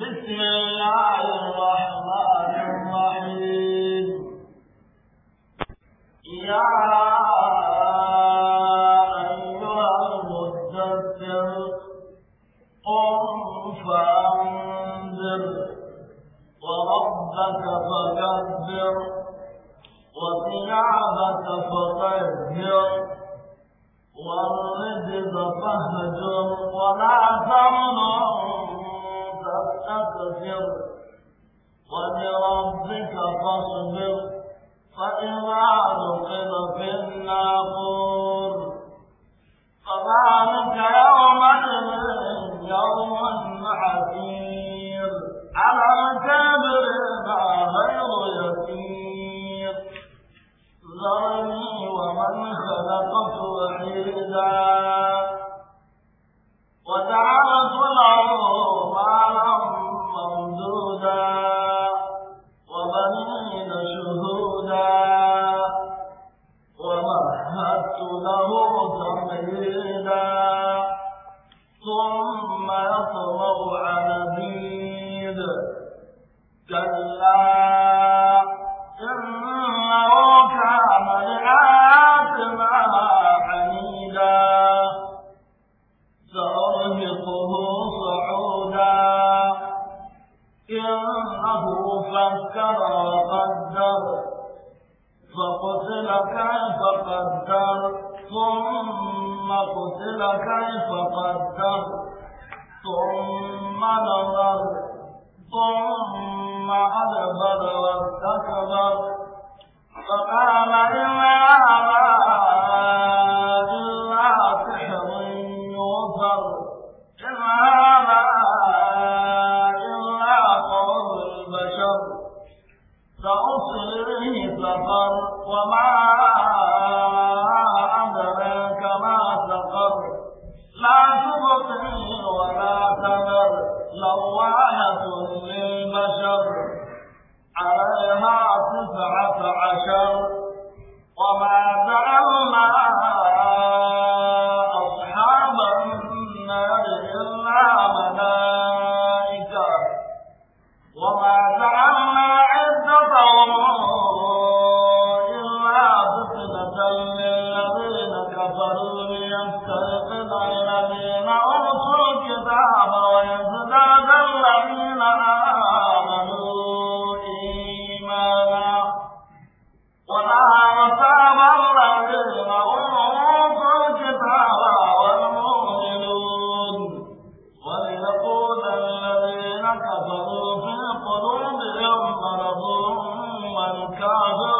بسم الله الرحمن الرحيم يا أيها المدثر قم فأنذر وربك فكبر وثيابك فطهر والرجز فاهجر ولا تمنع واستغفر ولربك فاصبر فإذا نقر في الناقور فذلك يوم يوم عسير على الكبر غير يسير ذرني ومن خلقت وحيدا كيف قدر ثم قتل كيف قدر ثم نظر ثم أدبر واستكبر فقال إن هذا كفروا في قلوبهم مرض والكافرون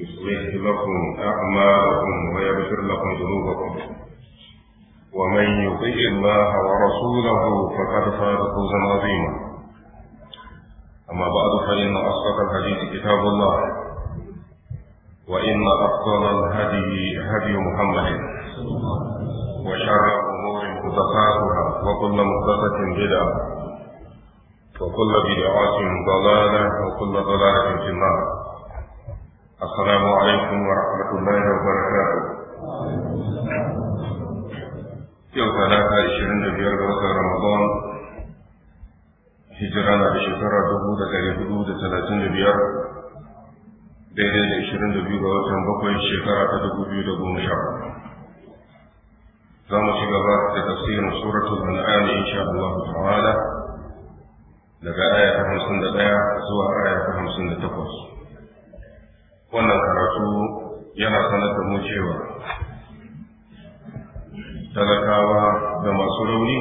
يصلح لكم أعمالكم ويغفر لكم ذنوبكم ومن يطع الله ورسوله فقد فاز فوزا عظيما أما بعد فإن أصدق الحديث كتاب الله وإن أفضل الهدي هدي محمد وشر الأمور محدثاتها وكل محدثة بدعة وكل بدعة ضلالة وكل ضلالة في النار السلام عليكم ورحمة الله وبركاته. يوم ثلاثة عشرين في رمضان هجرانا بشكرة دبودة كاري حدود ثلاثين دبير دهن عشرين في رمضان بقوي شكرة تدبودي دبون شعب زام شكرة تتفسير سورة الأنعام إن شاء الله تعالى لك آية خمسين دبير سوى آية خمسين دبير wannan karatu yana sanar da mu cewa talakawa da masu rauni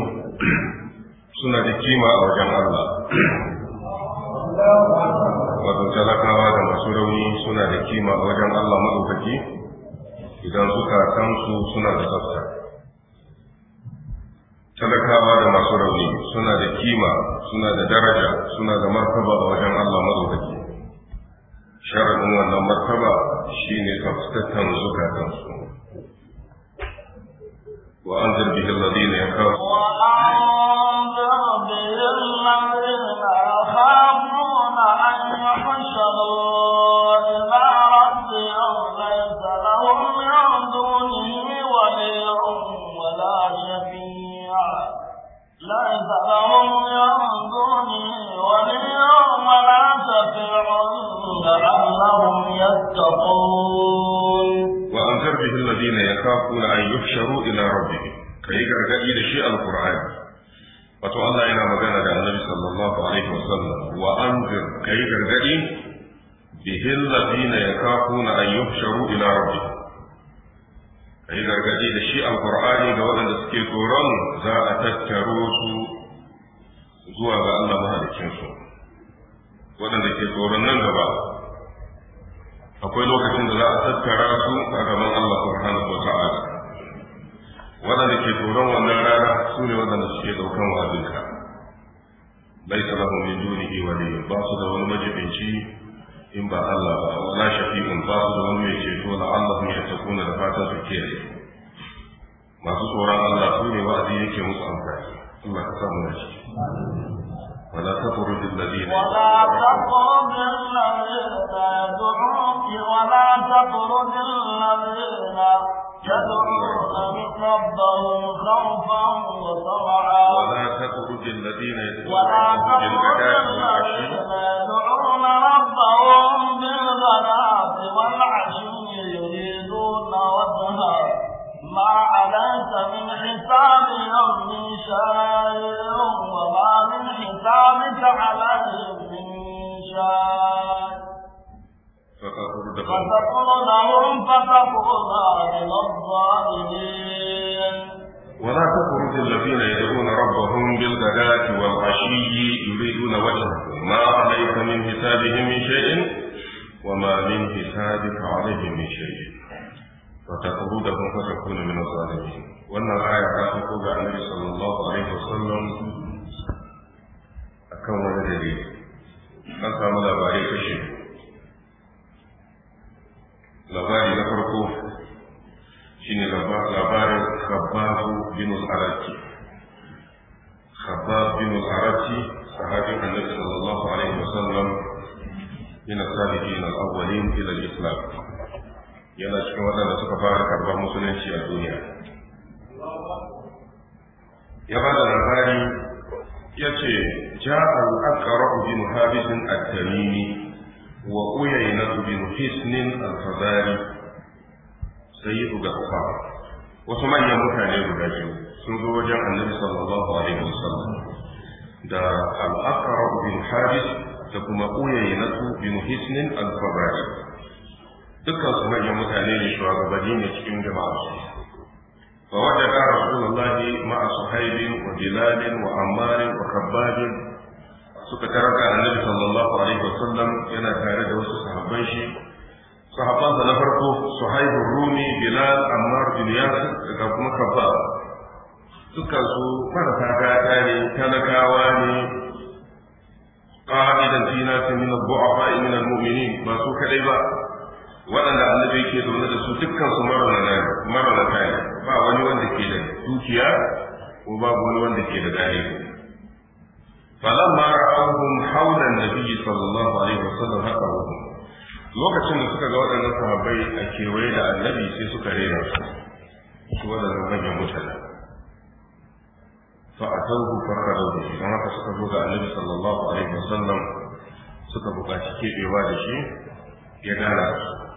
suna da kima a wajen Allah wato talakawa da masu rauni suna da kima a wajen Allah maɗaukaki idan suka kansu suna da tsafta talakawa da masu rauni suna da kima suna da daraja suna da martaba a wajen Allah maɗaukaki sharaɗin wannan martaba shine tsaftatan zukatansu wa anzir bihi alladhina yakfurun تتقون وأنذر به الذين يخافون أن يحشروا إلى ربهم كي gargadi da shi alqur'ani wato Allah yana magana da Annabi sallallahu alaihi wasallam wa anzir kai gargadi bihi alladhina yakafuna an yuhsharu ila rabbihim kai gargadi da shi alqur'ani ga waɗanda suke tsoron za a tattaro su zuwa ga Allah mahaliccin su waɗanda ke tsoron nan gaba akwai lokacin da za a tattara su a gaban Allah subhanahu wa ta'ala waɗanda ke tsoron wannan rana su ne waɗanda suke ɗaukan wa'azinka laisa Salahu min dunihi wali ba su da wani majibinci in ba Allah ba wala shafi'un ba su da wani mai ceto la Allah ya takuna da fata su kiyaye masu tsoron Allah su ne wa'azi yake musu amfani Allah ka samu na ciki ولا تطرد الذين ولا تطرد الذين ولا تطرد الذين يدعون ربهم خوفا وطمعا ولا تطرد الذين يدعون ربهم بالغلاة والعشي يريدون وجهه ما عليك من حساب من شيء وما من حسابك عليهم من شيء فتقول لهم فتقول من الظالمين ولا تطرد الذين يدعون ربهم بالغداة والعشي يريدون وجهه ما عليك من حسابهم من شيء وما من حسابك عليهم من شيء وتقعودهم فتكون من الظالمين wannan aya ta fito ga صلى sallallahu alaihi وسلم akan wani dalili an samu labarai kashe labari na farko shine labarin khababu bin al-araki khabab bin al sahabin annabi sallallahu alaihi wasallam min as ila al yana cikin waɗanda suka fara karɓar musulunci a duniya ya ba da labari ya ce ja'a al-aqra bin habis at-tamimi wa uyayna bin hisnin al yi sayyidu gafa wasu manyan mutane guda biyu sun zo wajen annabi sallallahu alaihi wasallam da al-aqra bin habis da kuma uyayna bin hisnin al-fadari dukkan su manyan mutane ne shugabanni ne cikin jama'a su فوجد رسول الله مع صهيب وبلال وعمار وخباب suka taraka annabi sallallahu alaihi Sallam yana tare da wasu sahabban shi sahabbansa na farko suhaibu rumi bilal ammar bin yasir da kuma kabbab dukkan su marasa gata ne talakawa ne qa'idan fi nasin min ad-du'afa min al-mu'minin ba su kadai ba waɗanda annabi ke zaune da su dukkan su mara na ne ba wani wanda ke da dukiya ko babu wani wanda ke da galibi falamma ra'awhum hawla an-nabi sallallahu alaihi wasallam haka lokacin da suka ga waɗannan sahabbai a kewaye da annabi sai suka rena su su waɗannan manyan mutane fa atawhu fakarau da shi don haka suka zo ga annabi sallallahu alaihi wasallam suka buƙaci keɓewa da shi ya gana su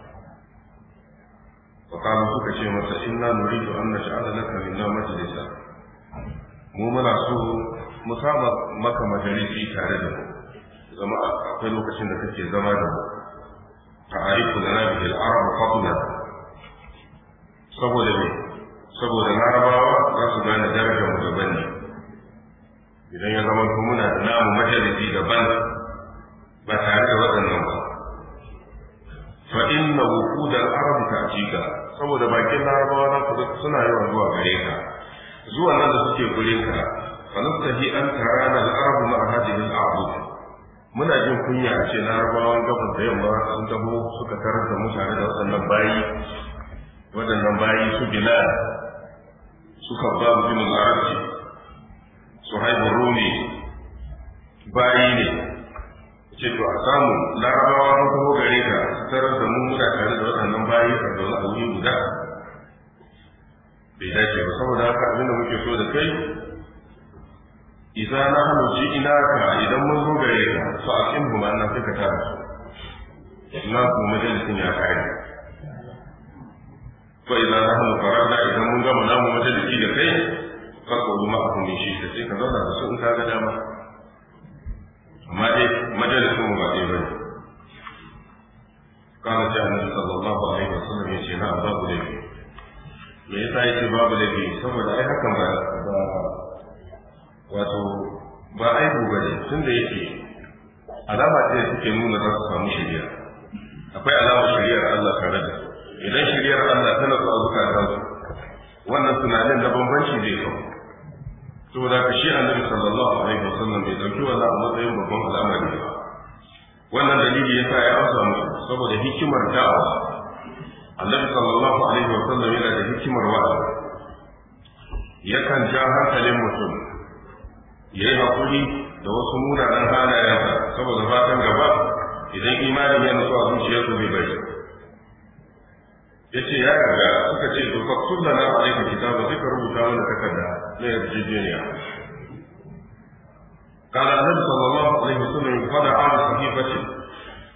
وقالوا suka ce masa inna nuridu an naj'ala laka na majlisa mu muna so mu sama maka majalisi tare da mu zama akwai lokacin da kake zama da mu ta'arifu lana bil arab fadla saboda me saboda larabawa za su gane darajar mu daban ne idan ya zama ko muna da namu majalisi daban ba tare da waɗannan ba fa inna wuqud al arab ta'jika saboda bakin larabawa za ka suna yawan zuwa gare ka Zuwa nan da suke gure ka fanastahi an tarana al-arabu ma'a hadhihi al muna jin kunya a ce larabawan gabas da yamma sun tabo suka tarar da mutane da waɗannan bayi waɗannan bayi su bilal su kabba mutumin larabci su haibu rumi bayi ne ce to a samu larabawa mutu taho gare ka tarar da mu muna tare da waɗannan bayi a zaune a wuri guda bai dace ba saboda haka abin da muke so da kai idza na hanu ji ina ka idan mun zo gare ka fa aqim huma anna suka tara su na ku majalisin ya kare fa idza na hanu farada idan mun gama namu majalisi da kai fa ko ma ku min shi sai ka zauna da su in ka ga dama amma dai majalisin mu ba dai bane قال جاء النبي صلى الله عليه وسلم يجي نعم باب لبي me yasa yake babu laifi saboda ai hakan ba ba wato ba aibu bane tunda yake alama ce suke nuna samu shari'a akwai alamar shari'ar Allah tare da idan shari'ar Allah tana zuwa zukatan su wannan tunanin da bambanci zai kawo saboda ka shi annabi sallallahu alaihi wasallam bai dauki wannan a matsayin babban al'amari ba wannan dalili yasa ya amsa musu saboda hikimar da'awa annabi sallallahu alaihi wa sallam yana da hikimar wa'azi yakan ja hankalin mutum ya yi haƙuri da wasu munanan halayensa saboda fatan gaba idan imanin ya nutsuwa a zuciyarsa bai. bari yace ya riga suka ce to fa kullana alaikum kitabu zika rubuta mana takarda na yarjejeniya قال النبي صلى الله عليه وسلم قد على صحيفته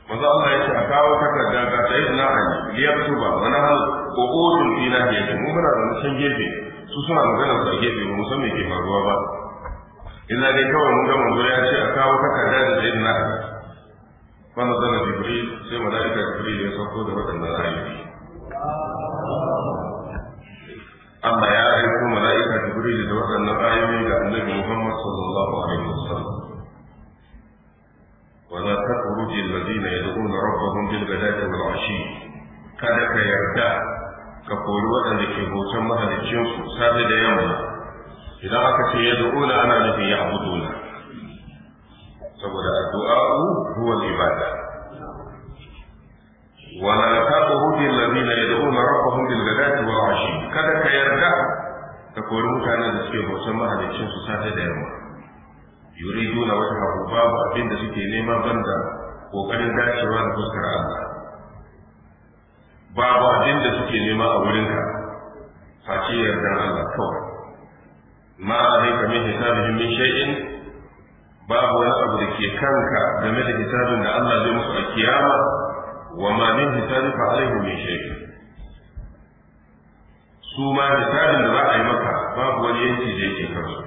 manzo Allah ya ce a kawo takarda ga sayyidina Ali tuba wa nahal uqudun fi nahiyati mu muna da can gefe suna magana su a gefe mu san ke faruwa ba illa dai kawai mun ga ya ce a kawo takarda da sayyidina Ali wanda zana Jibril sai malaika Jibril ya sauko da waɗannan ayoyi hujja da waɗannan ayoyi ga annabi Muhammad sallallahu alaihi wasallam wa la takhruj alladhina yad'una rabbahum bil ghadati wal 'ashi kada ka yarda ka kori waɗanda ke bautan mahaliccin su safe da yamma idan aka ce yad'una ana nufin ya'buduna saboda addu'a huwa ibada ولا تطرد الذين يدعون ربهم بالغداة والعشي كذا كيرجع ka kori mutanen da suke bautan mahalicin su safe da yamma yuri na wata hagu babu abin da suke nema banda kokarin dacewa da fuskar Allah babu abin da suke nema a wurinka face yardan Allah kawai ma alaika min hisabihim min shay'in babu wani abu da ke kanka game da hisabin da Allah zai musu a kiyama wa ma min hisabi fa alaihi min shay'in su ma misalin da za a yi maka babu wani yanki da yake kansu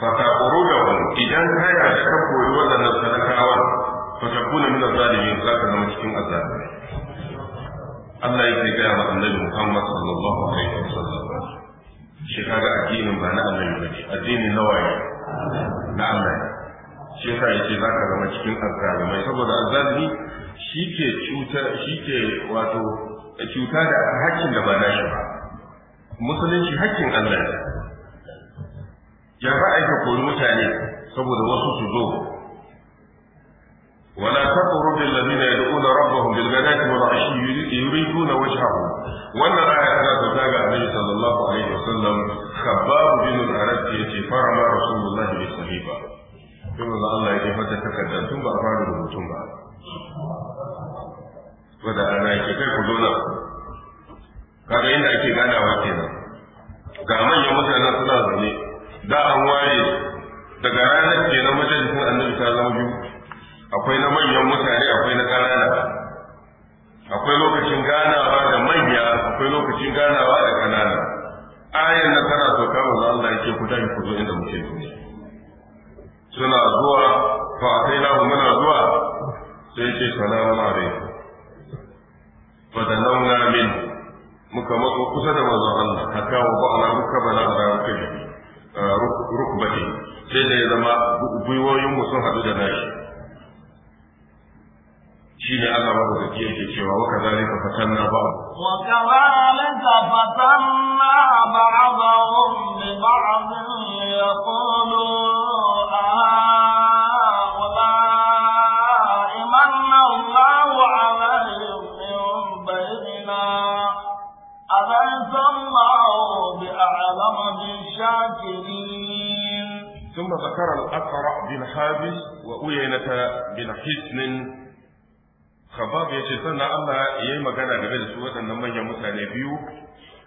fata wani. idan ka yarda ka koyi waɗannan sadakawan fa takuna min az-zalimin za ka zama cikin azzalimai Allah ya yake gaya wa annabi Muhammad sallallahu alaihi wasallam shi kaga addinin ba na annabi bane addinin ne na Allah shi yasa ce za ka zama cikin mai saboda azzalimi shi ke cutar shi ke wato da cuta da hakkin da ba nashi ba musulunci hakkin Allah ne ya ba aika koyi mutane saboda wasu su zo ولا تقرب الذين يدعون ربهم بالغداة والعشي يريدون وجهه وانا آية ذات تابع النبي صلى الله عليه وسلم خباب بن الأرد يتي فرما رسول الله بالصحيبة ثم الله يتي فتتكدم ثم أفعل ثم ko da rana yake kai ku zauna kaga inda ake ganawa kenan ga manyan mutanen suna zaune da an ware daga ranar ke na majalisar annabi ta zama biyu akwai na manyan mutane akwai na ƙanana akwai lokacin ganawa da manya akwai lokacin ganawa da ƙanana ayan na tana so kama za Allah yake ku tafi ku zo inda muke zuwa suna zuwa fa sai kai na muna zuwa sai ce salamu alaikum fadalawna min muka matso kusa da manzon Allah hatta wa ba'ala muka bala da kai rukbati sai da ya zama gwiwoyin mu sun haɗu da nashi shine Allah ba da kiyaye yake cewa wa kazalika fatanna ba'd wa kazalika fatanna ba'dhum li ba'd yaqulun ثم ذكر الأقرع بن حابس وأيينة بن حسن خباب يجي سنة الله يي مغانا game da su waɗannan manyan mutane biyu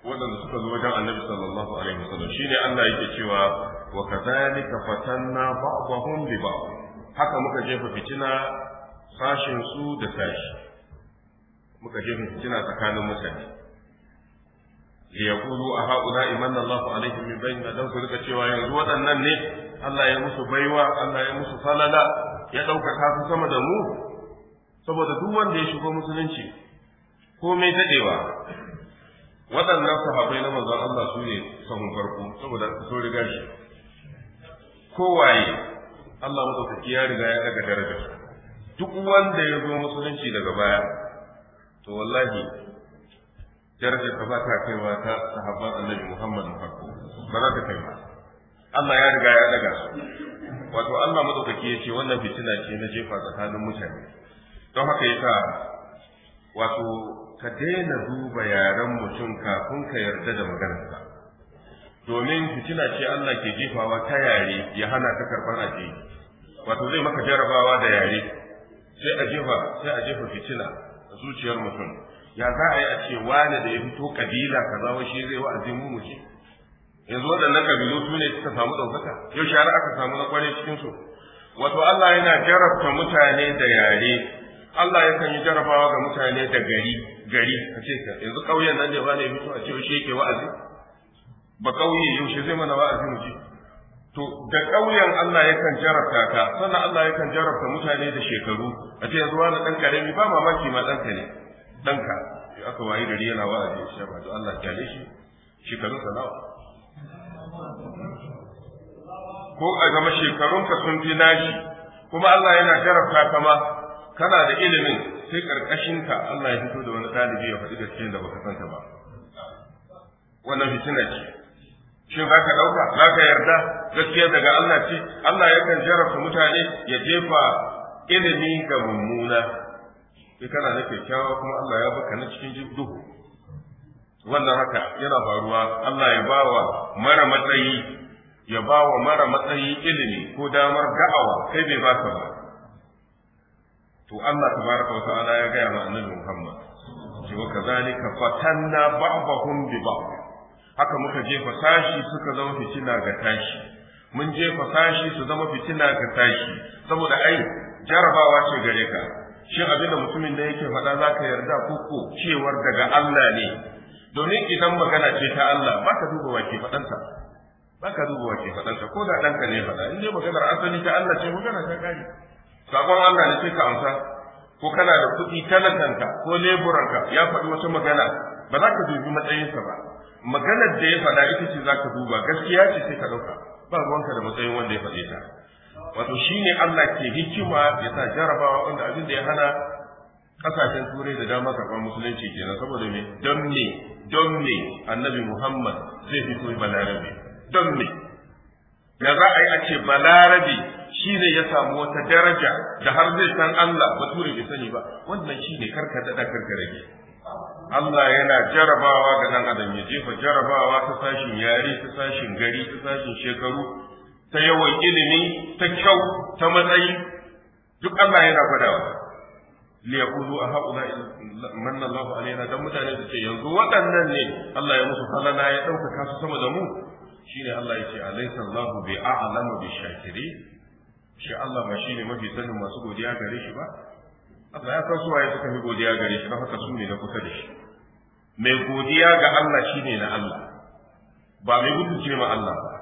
waɗanda suka zo wajen annabi sallallahu alaihi wasallam shine Allah yake cewa wa kadhalika fatanna ba'dahum bi ba'd haka muka jefa fitina sashin su da sashi muka jefa fitina tsakanin mutane liyaqulu a haula imanna Allahu alaihim cewa yanzu waɗannan ne Allah ya musu baiwa Allah ya musu falala ya ɗaukaka su sama da mu saboda duk wanda ya shigo musulunci ko mai daɗewa waɗannan sahabbai na manzon Allah su ne sahun farko saboda su riga shi kowaye Allah madaukaki ya riga ya daga daraja duk wanda ya zo musulunci daga baya to wallahi darajar ta ba ta kaiwa ta sahabban annabi Muhammad farko ba za ta kaiwa. Allah ya riga ya daga su wato Allah madaukaki ya ce wannan fitina ce na jefa tsakanin mutane don haka yasa wato ka daina duba yaren mutum kafin ka yarda da maganarsa domin fitina ce Allah ke jefawa ta yare ya hana ta karban aje wato zai maka jarabawa da yare sai a jefa sai a jefa fitina a zuciyar mutum ya za a yi a ce wani da ya fito kabila kaza wa shi zai wa mu mu ce yanzu waɗannan kabilu su ne suka samu ɗaukaka yau shara aka samu na kwarai cikin su wato Allah yana jarabta mutane da yare Allah yakan yi jarabawa ga mutane da gari gari a ce ka yanzu ƙauyen nan ne ba ne mutu a ce shi yake wa'azi ba ƙauye yaushe zai mana wa'azi mu ji to da ƙauyen Allah yakan jarabta ka sannan Allah yakan jarabta mutane da shekaru a ce yanzu wani ɗan karami ba mamaki ma ɗanka ne ɗanka aka wayi gari yana wa'azi shi ba to Allah ya kyale shi shekarunsa nawa ko a gama shekarunka sun fi nashi kuma Allah yana jarabta ka ma kana da ilimin sai karkashinka Allah ya fito da wani ɗalibi ya faɗi cikin da baka santa ba wannan fitina ce shin za ka ɗauka za ka yarda gaskiya daga Allah ce Allah yakan jarabta mutane ya jefa ilimi ga mummuna sai kana na kyakkyawa kuma Allah ya baka na cikin duhu wannan haka yana faruwa Allah ya bawa mara matsayi ya wa mara matsayi ilimi ko damar da'awa kai bai ba ka ba to Allah tabaraka wa ta'ala ya gaya ma annabi Muhammad ce wa kazalika fatanna ba'dahum bi ba'd haka muka je fasashi suka zama fitina ga tashi mun je fasashi su zama fitina ga tashi saboda ai jarabawa ce gare ka shin abinda mutumin da yake faɗa zaka yarda ko cewar daga Allah ne domin idan magana ce ta Allah ba ka duba wake faɗansa ba ka duba wake faɗansa ko da ɗanka ne faɗa in dai maganar asali ta Allah ce magana ta ƙari sakon Allah ne sai ka amsa ko kana da kuɗi talakanka ko leburanka ya faɗi wata magana ba za ka dubi matsayinsa ba maganar da ya faɗa ita ce za ka duba gaskiya ce sai ka ɗauka ba ruwanka da matsayin wanda ya faɗe ta wato shine Allah ke hikima ya sa jarabawa wanda abin da ya hana kasashen turai da dama karɓar musulunci kenan saboda me don me don me annabi Muhammad zai fito balarabe don me da za a yi a ce balarabe shi ne ya samu wata daraja da har zai san Allah bature bai sani ba wannan shi ne karkata da rage. Allah yana jarabawa ga nan adam ya jefa jarabawa ta sashin yare ta sashin gari ta sashin shekaru ta yawan ilimi ta kyau ta matsayi duk Allah yana gwadawa liyaqulu a haula manna Allah alaina dan mutane su ce yanzu waɗannan ne Allah ya musu halala ya ɗaukaka su sama da mu shine Allah ya ce alaysa Allah bi a'lamu bi shakiri shi Allah ba shine mafi sanin masu godiya gare shi ba Allah ya san su waye suka fi godiya gare shi Na haka su ne na kusa da shi mai godiya ga Allah shine na Allah ba mai gudu ce ma Allah ba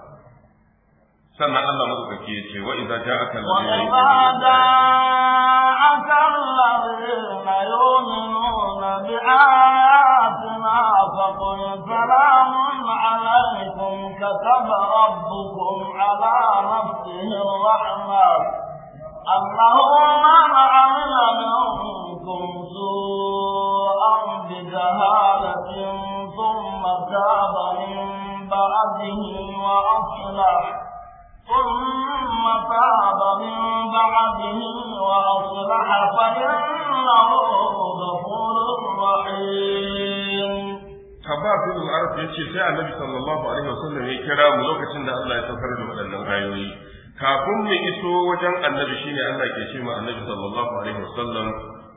sannan Allah mazaukaki ya ce wa idza ja'aka alladhina أولئك الذين يؤمنون بآياتنا فقل سلام عليكم كتب ربكم على نفسه الرحمة أنه من عمل منكم سوءا بجهالة ثم تاب من بعده وأصلح ثم تاب من بعده وأصلح فإنه غفور رحيم Abbas ibn Arab ya ce sai Annabi sallallahu alaihi wasallam ya kira mu lokacin da Allah ya saukar da waɗannan kafin mu iso wajen Annabi shine Allah ke ce mu Annabi sallallahu alaihi wasallam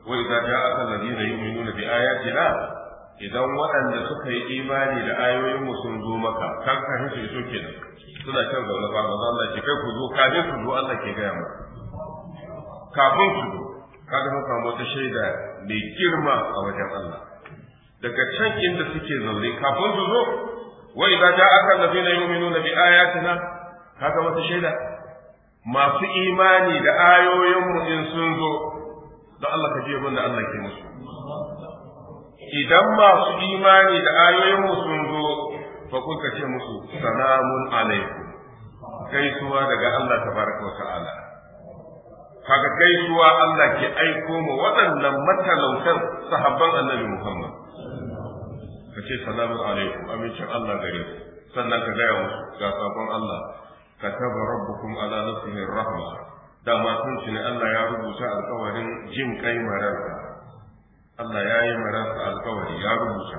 wa idza ja'a alladhina yu'minuna bi ayatina idan waɗanda suka yi imani da ayoyin mu sun zo maka kan ka hisu iso kenan suna kan zaune ba ba Allah ke kai ku zo kafin ku zo Allah ke gaya mu kafin ku zo kaga sun samu wata shaida mai girma a wajen Allah daga can inda suke zaune kafin su zo wa idza ja'a alladhina yu'minuna bi ayatina kaga wata shaida masu imani da ayoyinmu in sun zo da Allah ka je mun da Allah ke musu idan masu imani da ayoyinmu sun zo fa ka ce musu salamun alaikum gaisuwa daga Allah tabaraka wa ta'ala kaga gaisuwa Allah ke aiko mu waɗannan matalautan sahabban Annabi Muhammad ka ce salamun alaikum amincin Allah gare ku sannan ka gaya musu ga sabon Allah ka taba rabbukum ala nafsihi rahma dama tun ne Allah ya rubuta alƙawarin jin kai mararsa Allah ya yi mararsa alkawari ya rubuta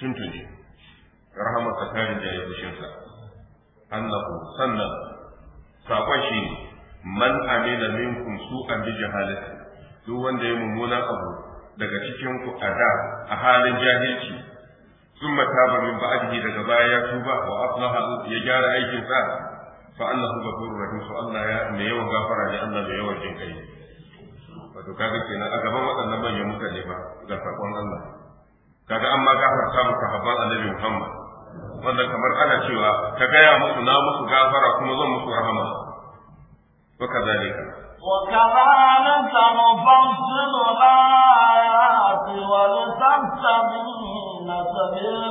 tuntuni rahama tsakanin da ya fushinsa annahu sannan sakon shi man amila minkum an bi jahalati duk wanda ya mummuna abu daga cikin ku a da a halin jahilci sun mata ba min ba'dihi daga baya ya tuba wa aslaha ya gyara aikin sa fa annahu ghafurur rahim so Allah ya mai yawan gafara ne Allah mai yawan jin kai wato kaga kenan a gaban waɗannan manyan mutane ba ga sakon Allah kaga amma gafarta muka habban annabi Muhammad wanda kamar ana cewa ka gaya musu na musu gafara kuma zan musu rahama wa kazalika وكذلك نفصل الآيات ولتبتغين سبيل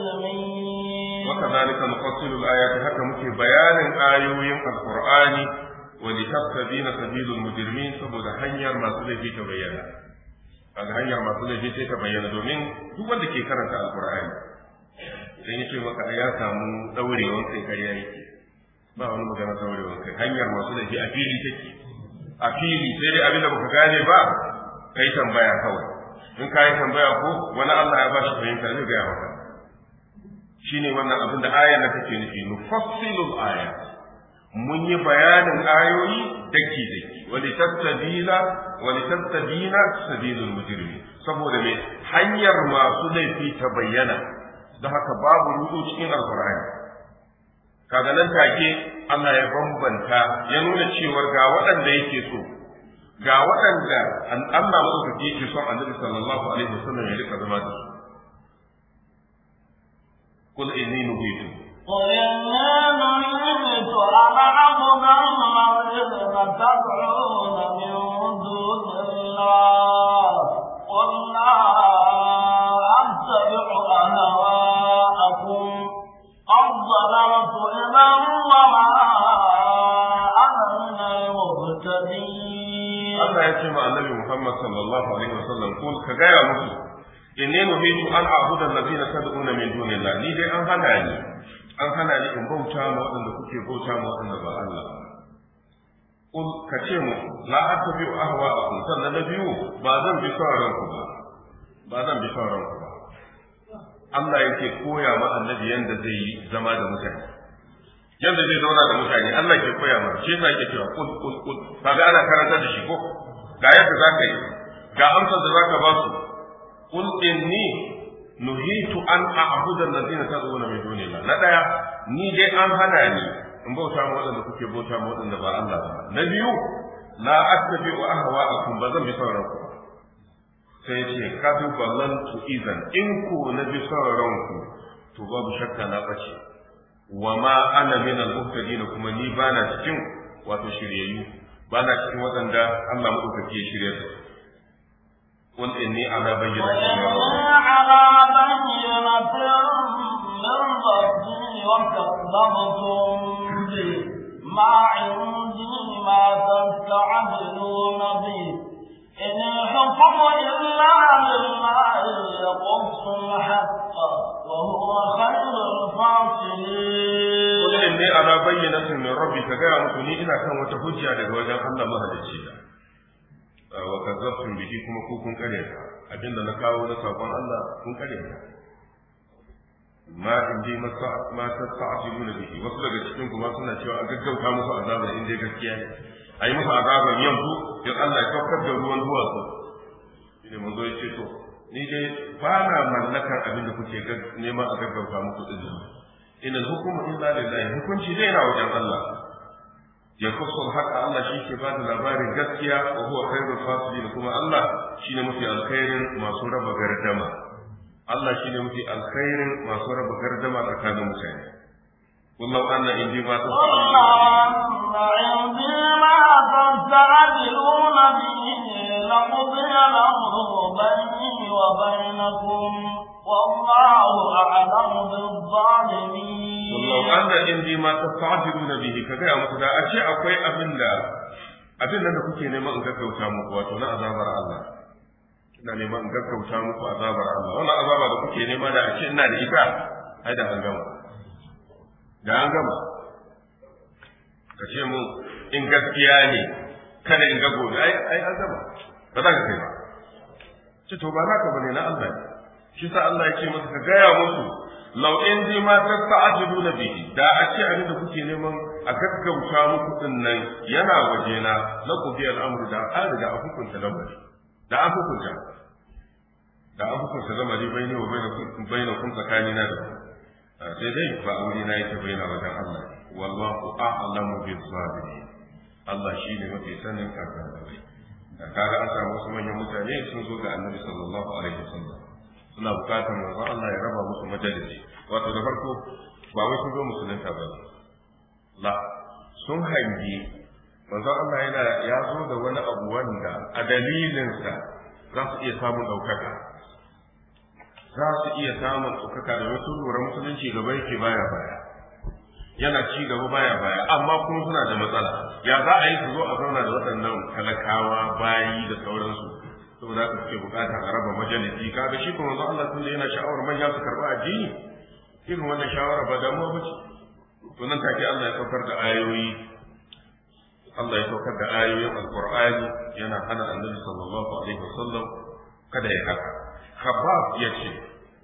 المجرمين وكذلك نفصل الآيات هكا مكي بيان آيوين القرآن ولتبتغين سبيل المجرمين سبب هنير ما سلفي تبينا هذا هنير ما سلفي تبينا دومين هو اللي كي قرأت القرآن idan ya ce maka ya samu ɗaurewan kai karya yake ba wani magana ɗaurewan kai hanyar masu da a fili take a fili sai dai abin da baka gane ba kai tambaya kawai in ka yi tambaya ko wani Allah ya ba shi fahimta zai gaya maka shine wannan abin da ayar na take nufi nufassilul ayat mun yi bayanin ayoyi daki daki wani tattabila wani tattabila sabilul mujrimi saboda me hanyar masu laifi ta bayyana Da haka babu rudu cikin alkur'ani kaga nan take Allah ya bambanta ya nuna cewar ga waɗanda yake so ga waɗanda an Allah madaukaki yake son annabi sallallahu alaihi wasallam ya rika zama da su قل إني نهيت قل إني نهيت أن أعبد الذين تدعون من دون الله Allah ya ce ma annabi Muhammad sallallahu alaihi wa sallam. kul ka gaya musu in inni nuhitu an a'budu allazina tad'una min dunillah ni dai an hana ni an hana ni in bauta ma waɗanda kuke bauta ma waɗanda ba Allah kul ka ce mu la attabi ahwa'akum sannan na biyu ba zan bi son ranku ba ba zan bi sauran ku ba Allah yake koya ma annabi yanda zai yi zama da mutane yadda zai zauna da mutane Allah ke koya ma shi yasa yake cewa kul kul kul kaga ana karanta da shi ko ga yadda za ka yi ga amsar da za ka ba su kul inni nuhitu an a'budu allazina tad'una min dunillah na ɗaya, ni dai an hana ni in bauta ma waɗanda kuke bauta ma waɗanda ba Allah ba na biyu la attabi wa ahwa'akum ba zan bi sauran ku sai ce kadu ballantu izan in ku na bi sauran ku to babu shakka na bace wa ma ana min al-muhtadin kuma ni bana cikin wato shiryayyu ba na cikin waɗanda Allah maɗauka ke shirya su. Kun inni ala bayyana shi ne. ala bayyana shi ne. وتطلبتم به ما عندي ما تستعجلون به إن حكم إلا لله يقص الحق ne? ana وهو خير الفاصلين قل إني على بينة من ربي كجاء مسوني إذا كان وتحجة لوجه الله مهدجي wa kazzabtum biki kuma ku kun kare ta abinda na kawo na sakon Allah kun kare ta ma in dai masa ma tasajiluna bihi wasu daga cikin kuma suna cewa a gaggauta musu azaba in dai gaskiya ne ayi musu azaban yanzu in Allah ya kaukar da ruwan duwatsu shine manzo ya ce to ni dai ba na mallakar abin da kuke neman a gaggauta muku din inal hukmu illa lillahi hukunci dai na wajen Allah ya kusul haka Allah shi ke ba da labarin gaskiya wa huwa khairul fasilin kuma Allah shine mafi alkhairin masu raba gardama Allah shine mafi alkhairin masu raba gardama tsakanin mutane والله أنا عندي ما تستعجلون عندي ما تستعجلون به لقضي الأمر بيني وبينكم والله أعلم بالظالمين والله أن عندي ما تستعجلون به كذا مثلا أشياء أقوي أبن لا أبن لن كنت نما أن تكوتا مقواتنا أذابر الله ina neman gaggauta muku azabar Allah wannan azaba da kuke nema da ake ina da ita ai da an gama da an gama ka ce mu in gaskiya ne kada in ga gobe ai ai an gama ba za ka kai ba ce to ba naka bane na Allah shi sa Allah ya ce masa ka gaya musu law in ji ma tasta'jiluna bihi da a ce abin da kuke neman a gaggauta muku din nan yana waje na na ku bi al'amru da an riga an hukunta lamari da an hukunta da an hukunta lamari bai ne wa bai na kun tsakani na da sai dai ba aure na yake bai na wajen Allah wallahu a'lamu bis zalimin Allah shi shine mafi sanin kafirai kaga an samu wasu manyan mutane sun zo ga annabi sallallahu alaihi wasallam suna bukatar manzo Allah ya raba musu majalisi wato da farko ba wai sun zo musulunta ba la sun hangi manzo Allah yana ya zo da wani abu wanda a dalilinsa za su iya samun ɗaukaka za su iya samun ɗaukaka da wasu lura musulunci gaba yake baya baya yana ci gaba baya baya amma kuma suna da matsala ya za a yi su zo a zauna da waɗannan talakawa bayi da sauransu saboda haka suke bukatar a raba majalisi kaga shi kuma manzo Allah tunda yana sha'awar manya su karba addini irin wannan shawara ba damuwa ba ce to nan take Allah ya saukar da ayoyi Allah ya saukar da ayoyin alqur'ani yana hana annabi sallallahu alaihi wasallam kada ya haka Habab ya ce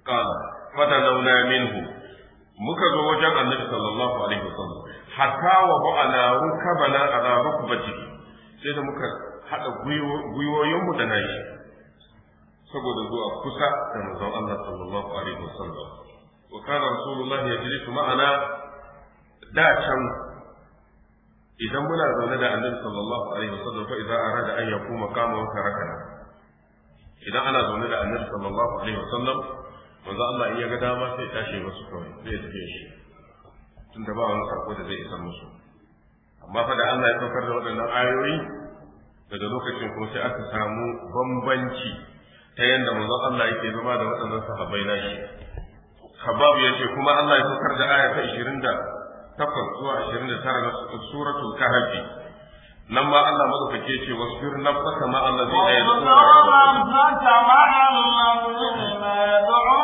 qala fadalawna minhu muka zo wajen annabi sallallahu alaihi wasallam hatta wa ba'ala rukabana ala rukbati sai da muka hada gwiwoyinmu da nashi saboda zuwa kusa da manzon Allah sallallahu alaihi wasallam wa kana rasulullahi kuma ana da can idan muna zaune da annabi sallallahu alaihi wasallam fa idza arada an yakuma qama wa tarakana idan ana zaune da annabi sallallahu alaihi wasallam wanzu Allah in ya ga dama sai tashi masu kawai sai tafi shi tun da ba wani sako da zai isa musu amma fa da Allah ya saukar da waɗannan ayoyi daga lokacin ko sai aka samu bambanci ta yadda manzon Allah yake zama da waɗannan sahabbai na shi Habab ya ce kuma Allah ya saukar da aya ta 28 zuwa 29 na suratul Kahf nan ma Allah madaukake ce wasfir nafsaka ma allazi la yad'una rabbaka ma allazi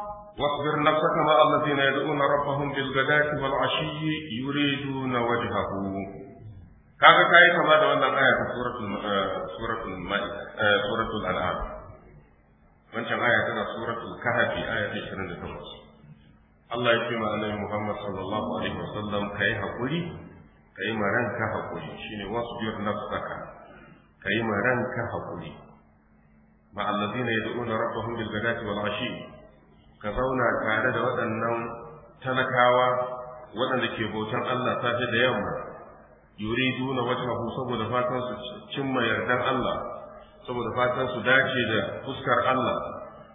واصبر نفسك مع الذين يدعون ربهم بالغداة والعشي يريدون وجهه kaga kai kama da wannan aya ta suratul suratul maida suratul an'am wancan aya tana suratul ta 28 Allah ya ce ma annabi Muhammad sallallahu alaihi wasallam kai hakuri kai ma ranka hakuri shine wasbir nafsaka kai ma ranka hakuri ma alladhina yad'una rabbahum bil ka zauna tare da waɗannan talakawa waɗanda ke bautan Allah safe da yamma wata wajhahu saboda fatan su cimma yardan Allah saboda fatan su dace da fuskar Allah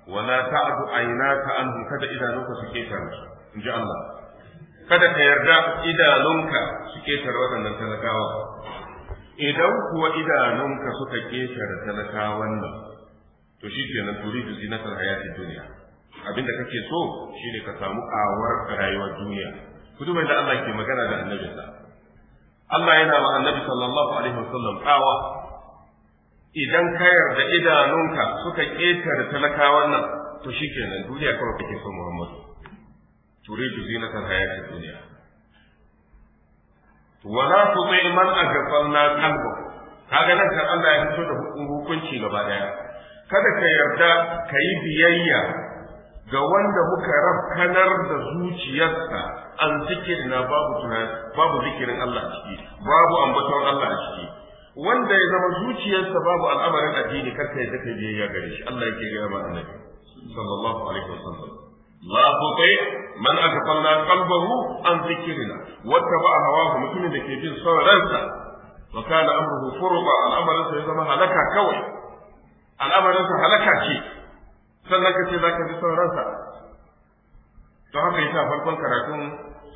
wala ta'du aynaka an kada idanunka su ketare su inji Allah kada ka yarda idanunka su ketare waɗannan talakawa idan kuwa idanunka suka ketare talakawan nan to shikenan turidu zinatar hayatin duniya abinda kake so shine ka samu awar rayuwar duniya kudubai da Allah ke magana da sa Allah yana wa annabi sallallahu alaihi wasallam tsawa idan ka yarda idanunka suka ƙetare talakawan nan to shikenan duniya kawai kake so Muhammadu zina zinatan hayatid duniya wala tuti man aghfalna qalbu kaga nan kan Allah ya fito da hukunci gaba daya kada ka yarda ka yi biyayya ga wanda muka rafkanar da zuciyarsa an zikirna babu tunani babu zikirin Allah a ciki babu ambaton Allah a ciki wanda ya zama zuciyarsa babu al'amarin addini karka ya zaka biyayya gare shi Allah yake gaya ma annabi sallallahu alaihi wasallam la tuti man aghfalna qalbahu an zikrina wattaba hawahu mutumin da ke bin son ransa wa kana amruhu furqa al'amarin sa ya zama halaka kawai al'amarin sa halaka ce sannan ka ce za ka fi sauransa. ransa don haka yasa farkon karatun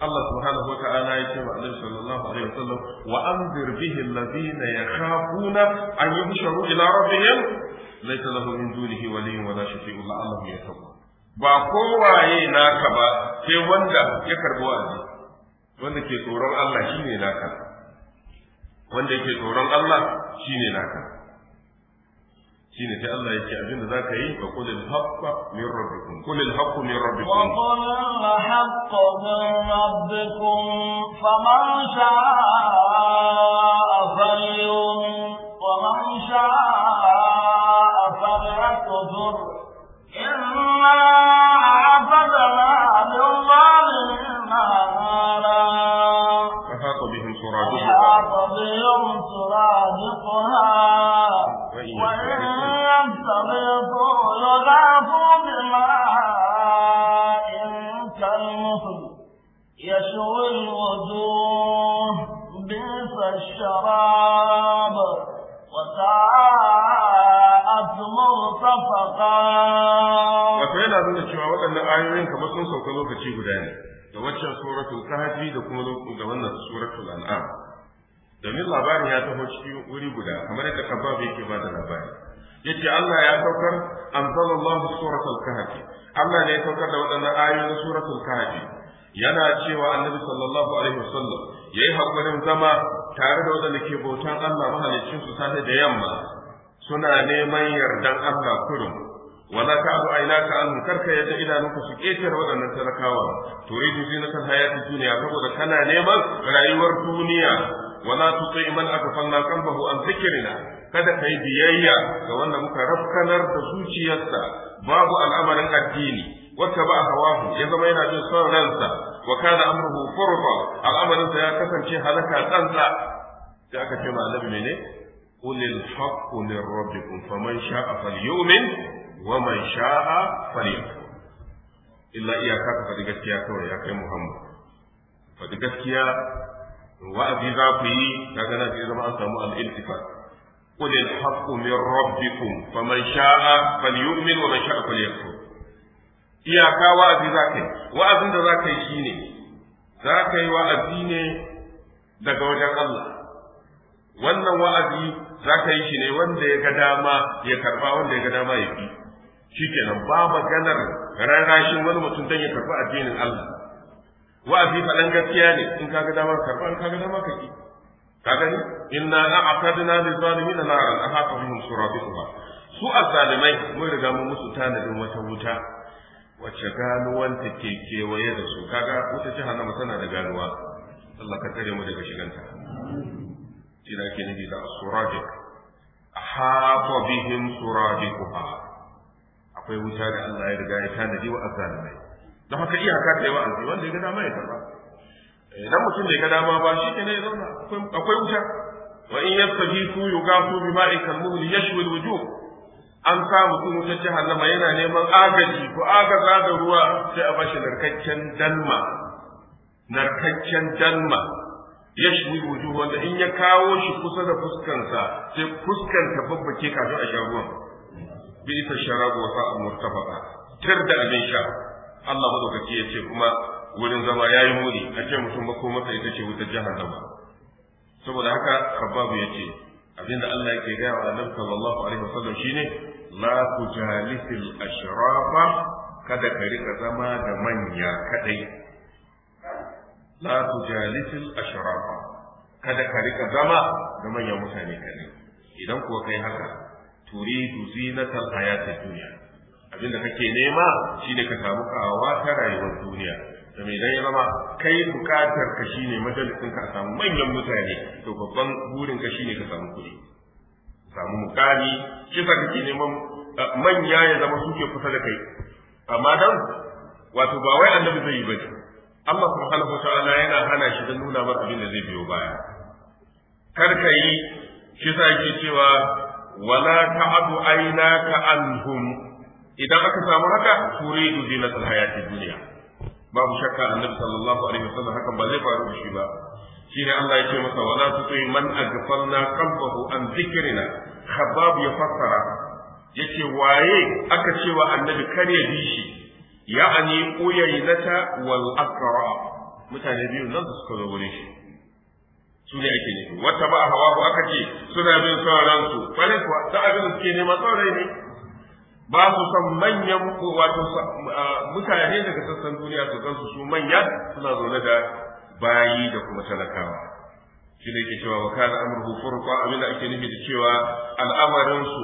Allah subhanahu wata'ala ya ce wa Annabi sallallahu alaihi wasallam wa anzir bihi alladhina yakhafuna an yusharu ila rabbihim laysa lahu min dunihi waliyyun wala shafi'un la'allahum yattaqun ba kowaye naka ba sai wanda ya karbi wa'azi wanda ke tsoron Allah shine naka wanda ke tsoron Allah shine naka shine sai Allah yake abinda zaka yi fa qul al-haqqa min rabbikum qul al-haqqu min rabbikum wa qul al-haqqu min rabbikum faman sha'a falyu'min wa man sha'a falyakfur inna الشراب وساءت مرتفقا wato yana nuna cewa waɗannan ayoyin kamar sun sauka lokaci guda ne da waccan suratul kahfi da kuma da wannan suratul an'am domin labarin ya taho cikin wuri guda kamar yadda kababu yake ba da labari yace Allah ya saukar anzalallahu suratul kahfi Allah ne ya saukar da waɗannan ayoyin na suratul kahfi yana cewa annabi sallallahu alaihi wasallam yayi hakurin zama tare da wadanda ke bautan Allah mahalicin su safe da yamma suna neman yardan Allah kurum wala ka abu aina ka an karka yadda idanunku su ƙetare waɗannan talakawa to yi na kan hayati duniya saboda kana neman rayuwar duniya wala sai iman aka fanna kan an zikirina kada ka yi biyayya ga wanda muka rafkanar da zuciyarsa babu al'amarin addini wata ba hawahu ya zama yana jin son ransa wa kana amruhu a al'amarin sa ya kasance halaka tsantsa sai aka ce ma annabi mene qulil haqqu lir rabbikum faman sha'a falyu'min wa man sha'a falyakfur illa iyaka ka faɗi gaskiya kawai ya kai muhammad faɗi gaskiya wa'azi za ku yi kaga na sai zama an samu al-iltifat wa man iyaka wa'azi za ka yi wa'azin da za ka yi shi ne za ka yi wa'azi ne daga wajen Allah wannan wa'azi za ka yi shi ne wanda ya ga dama ya karba wanda ya ga dama ya fi. shi kenan ba maganar rarrashin wani mutum don ya karba addinin Allah wa'azi faɗan gaskiya ne in ka ga dama karba in ka ga dama ka ki ka gani inna na lil zalimin naran ahata bihim suratuha su azzalimai mun riga mun musu tanadin wata wuta wacce galuwanta ke kewaye da su kaga wuta jahannama tana da galuwa Allah ka tare mu daga shiganta shi ke nabi da surajik ahaba bihim surajikuha akwai wuta da Allah ya riga ya tanadi wa azzalimai don haka iyaka ta yi wa azzalimai wanda ya ga dama ya karba eh, idan mutum bai ga dama ba shi ke ne ya zauna akwai wuta wa in yastajiku yugafu bima'ikal muhl yashwi alwujuh an sa mutum wutar jahannama yana neman agaji ko agaza da ruwa sai a bashi narkakken dalma narkakken dalma ya shi wuju wanda in ya kawo shi kusa da fuskansa sai fuskan ta babbake kafin a sha ruwan bi ita sharabu wa sa'a murtafaqa tir da abin sha Allah madaukaki ya ce kuma wurin zama yayi muni a ce mutum ba ko sai ita ce wutar jahannama saboda haka ce. yace abinda Allah yake gaya wa annabi sallallahu alaihi wasallam shine la tujalisil ashrafa kada ka rika zama da manya kadai la tujalisil ashrafa kada ka rika zama da manyan mutane kadai idan kuwa kai haka turidu zinatal hayatid duniya abinda kake nema shine ka samu kawa ta rayuwar duniya da mai zai zama kai bukatar ka shine majalisin ka samu manyan mutane to babban burin ka shine ka samu kuɗi samu mukami shi sa kake neman eh, manya ya zama suke kusa da kai amma dan wato ba wai annabi zai yi bane Allah subhanahu wataala yana hana shi da nuna masa abin da zai biyo baya kar ka yi shi sa yake cewa wala ta'adu aynaka anhum idan aka samu haka turidu zinatul hayatid dunya babu shakka annabi sallallahu alaihi wasallam hakan ba zai faru da shi ba shine Allah ya ce masa wala tuti man aghfalna qalbahu an zikrina khabab ya fassara yace waye aka cewa annabi kar ya bi shi ya'ani uyaynata wal aqra mutane biyu nan su suka zo shi su ne ake nufi wata ba hawa ko aka ce suna bin sauran su bane kuwa da abin da suke nema tsorai ne ba su san manyan wato mutane daga sassan duniya su kansu su manya suna zaune da bayi da kuma talakawa shi da yake cewa wa kana amruhu furqa abinda ake nufi da cewa al'amarin su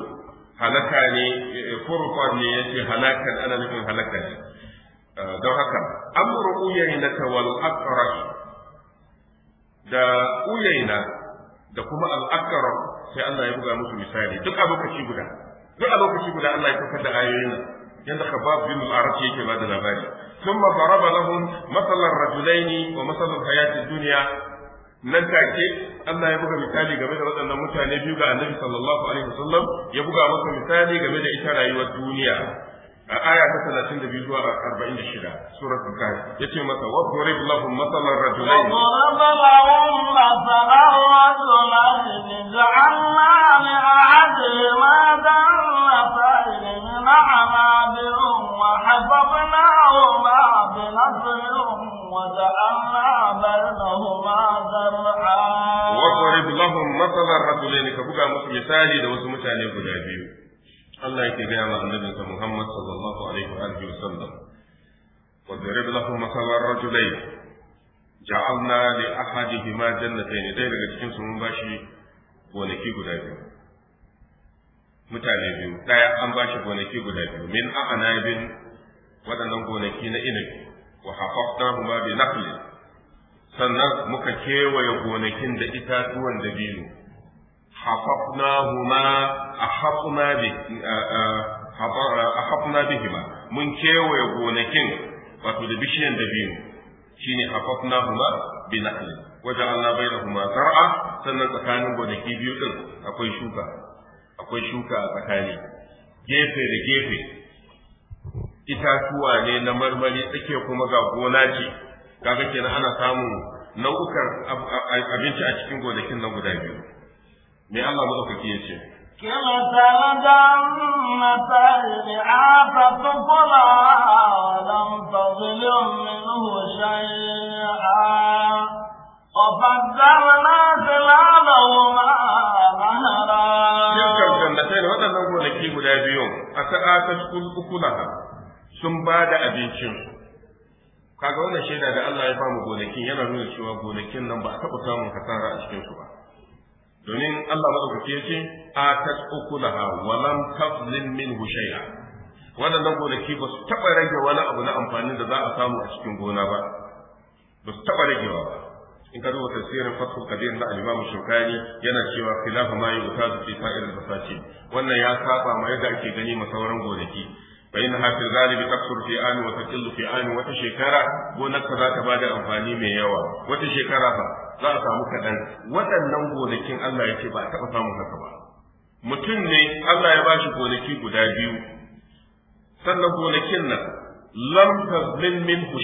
halaka ne eh, eh, furqa ne yake halakan ana nufin halaka ne ah, don haka amru uyayna wal aqrash da uyayna da kuma al aqrash sai Allah ya buga musu misali duk a lokaci guda duk a lokaci guda Allah ya tafar da ayoyin nan yanda khabab bin al arabi yake ba da labari ثم ضرب لهم مثل الرجلين ومثل الحياة الدنيا nan take Allah ya buga misali game da waɗannan mutane biyu ga Annabi sallallahu alaihi wasallam ya buga masa misali game da ita rayuwar duniya a aya ta 32 zuwa 46 suratul kahf yace masa wa qurib lahum masalan rajulain wa lahum masalan rajulain ja'alna li ahadihima وحفظناهما بنصر وجعلنا بينهما زرعا واضرب لهم مثل الرجلين كبقى مثالي لو سمعت عليه بجاجيل الله يتبع مع النبي محمد صلى الله عليه وآله وسلم واضرب لهم مثل الرجلين جعلنا لأحدهما جنتين دايما cikin su mun bashi gonaki guda biyu mutane biyu ɗaya an bashi gonaki guda biyu min a'anabin waɗannan gonaki na inabi wa kuma bi naƙli sannan muka kewaye gonakin da itatuwan kuma a haƙuna bi ahafna mun kewaye gonakin wato da bishiyan ne shine kuma bi naƙli wajen Allah bai da kuma zar'a sannan tsakanin gonaki biyu ɗin akwai shuka akwai shuka a tsakani gefe da gefe itatuwa ne na marmari take kuma ga gona ce kaga kenan ana samun nau'ukan abinci a cikin gonakin nan guda biyu me Allah madaukaki ya ce كلتا الجنتين فتطلع لم تظلم منه شيئا وفجرنا خلالهما نهرا تلك الجنتين waɗannan gonaki guda biyu a sa'a ta ukulaha sun ba da abincinsu kaga wannan shaida da Allah ya ba mu gonakin yana nuna cewa gonakin nan ba a taɓa samun kasara a cikinsu ba domin Allah madaukaki ya ce a tasukulaha wa lam tazlim minhu shay'a waɗannan gonaki ba su taɓa rage wani abu na amfani da za a samu a cikin gona ba ba su taɓa ragewa ba in ka duba tafsirin fathul kadir na al-imam yana cewa khilafa ma su fi sa'ir al-basati wannan ya saba ma yadda ake gani ma sauran gonaki fa innaha fil ghalibi taksur fi an wa taqillu fi an wata shekara gonarka za ta bada amfani mai yawa wata shekara ba za a samu kaɗan waɗannan gonakin Allah ya ce ba a taɓa samun haka ba mutum ne Allah ya bashi gonaki guda biyu sannan gonakin nan lam tazlim minhu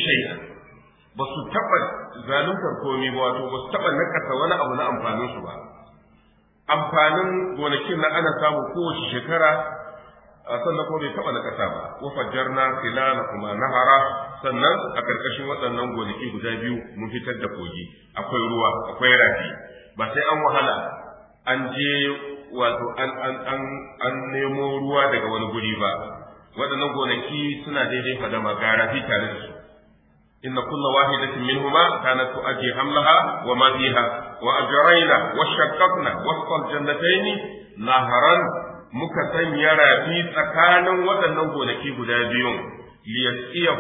ba su taɓa zaluntar komi ba wato ba su taɓa nakasa wani abu na amfaninsu ba amfanin gonakin na ana samu kowace shekara sannan kuma bai taɓa na ƙasa ba wa fajjarna filana kuma nahara sannan a ƙarƙashin waɗannan gonaki guda biyu mun fitar da kogi akwai ruwa akwai rafi ba sai an wahala an je wato an an an an nemo ruwa daga wani guri ba waɗannan gonaki suna daidai fadama ga rafi tare da su إن كل واحدة منهما كانت تؤدي حملها وما فيها وأجرينا وشققنا وسط الجنتين نهرا muka sanya rafi tsakanin waɗannan gonaki guda biyun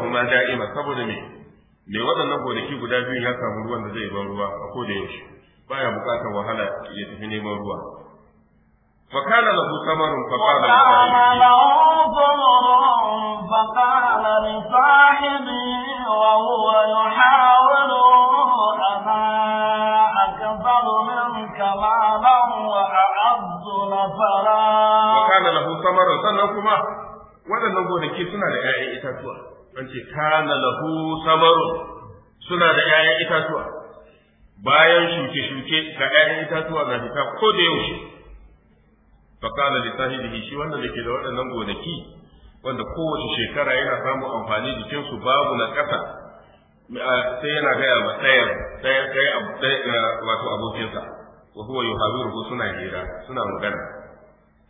kuma da'ima saboda me me waɗannan gonaki guda biyun ya samu ruwan da zai ban ruwa a koda yaushe baya buƙatar wahala ya tafi neman ruwa fa kana lahu samarun fa qala فقال لصاحبه وهو أنا أكثر منك نفرا وكان له ثمر sannan kuma waɗannan gonaki suna da ‘ya'yan itatuwa an ce kana lahu samarun suna da ‘ya'yan itatuwa bayan shuke-shuke ga ‘ya'yan itatuwa na fita ko da yaushe fakana da sahibihi shi wanda da ke da waɗannan gonaki wanda kowace shekara yana samun amfani su babu na ƙasa sai yana gaya ma ɗayan ɗaya wato abokinsa wa huwa yuhawiruhu suna hira suna magana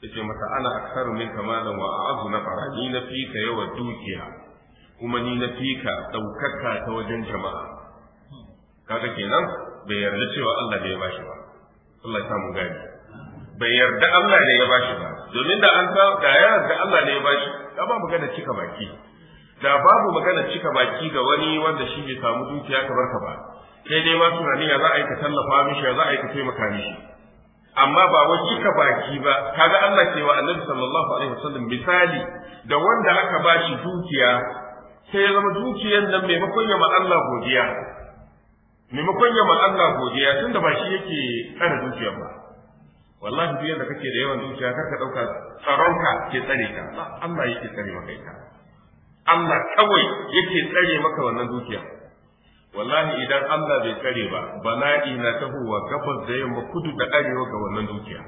yace masa ana aktsaru minka malan wa a'zu nafara ni na fika yawa dukiya kuma ni na fika daukaka ta wajen jama'a kaga kenan bai yarda cewa Allah bai ya bashi ba Allah ya samu gani bai yarda Allah ne ya bashi ba domin da an ta da ya yarda Allah ne ya bashi da ba magana cika baki da babu magana cika baki ga wani wanda shi bai samu dukiya kamar ka ba sai dai ma suna niyya za a yi ka tallafa mishi za a yi ka taimaka mishi amma ba wai kika baki ba kaga Allah ke wa Annabi sallallahu alaihi wasallam misali da wanda aka bashi dukiya sai ya zama dukiyan nan maimakon ya ma Allah godiya maimakon ya ma Allah godiya tunda ba shi yake tsara dukiya ba wallahi duk yadda kake da yawan dukiya kar ka dauka tsaronka ke tsare ka Allah yake tsare maka ita Allah kawai yake tsare maka wannan dukiya wallahi idan Allah bai kare ba bala'i na tahowa gabas da yamma kudu da arewa ga wannan dukiya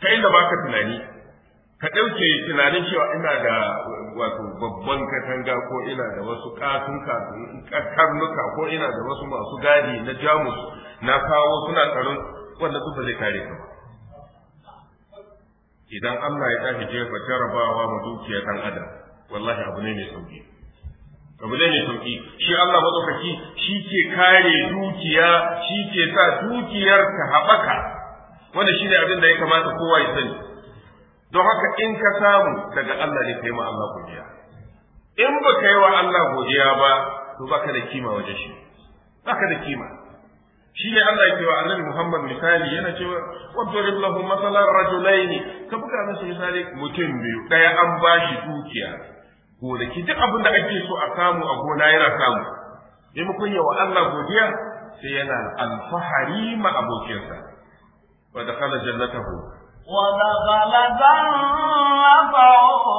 ta inda baka tunani ka ɗauke tunanin cewa ina da wato babban katanga ko ina da wasu karnuka ko ina da wasu masu gadi na jamus na kawo suna tsaron wanda su zai kare ka idan Allah ya tashi jefa jarabawa ma dukiyar ɗan adam wallahi abu ne mai sauki abu ne sauki shi Allah madaukaki shi ke kare dukiya shi ke sa dukiyar ka haɓaka wanda shi ne abin da ya kamata kowa ya sani don haka in ka samu daga Allah ne kai ma Allah godiya in ba ka yi wa Allah godiya ba to baka da kima wajen shi baka da kima shi ne Allah yake wa annabi Muhammad misali yana cewa wadrib lahum masalan rajulaini ka buga musu misali mutum biyu daya an bashi dukiya gonaki duk abin da ake so a samu a gona yana samu maimakon yawa Allah godiya sai yana alfahari ma abokinsa wa da kala jannatahu wa da kala jannatahu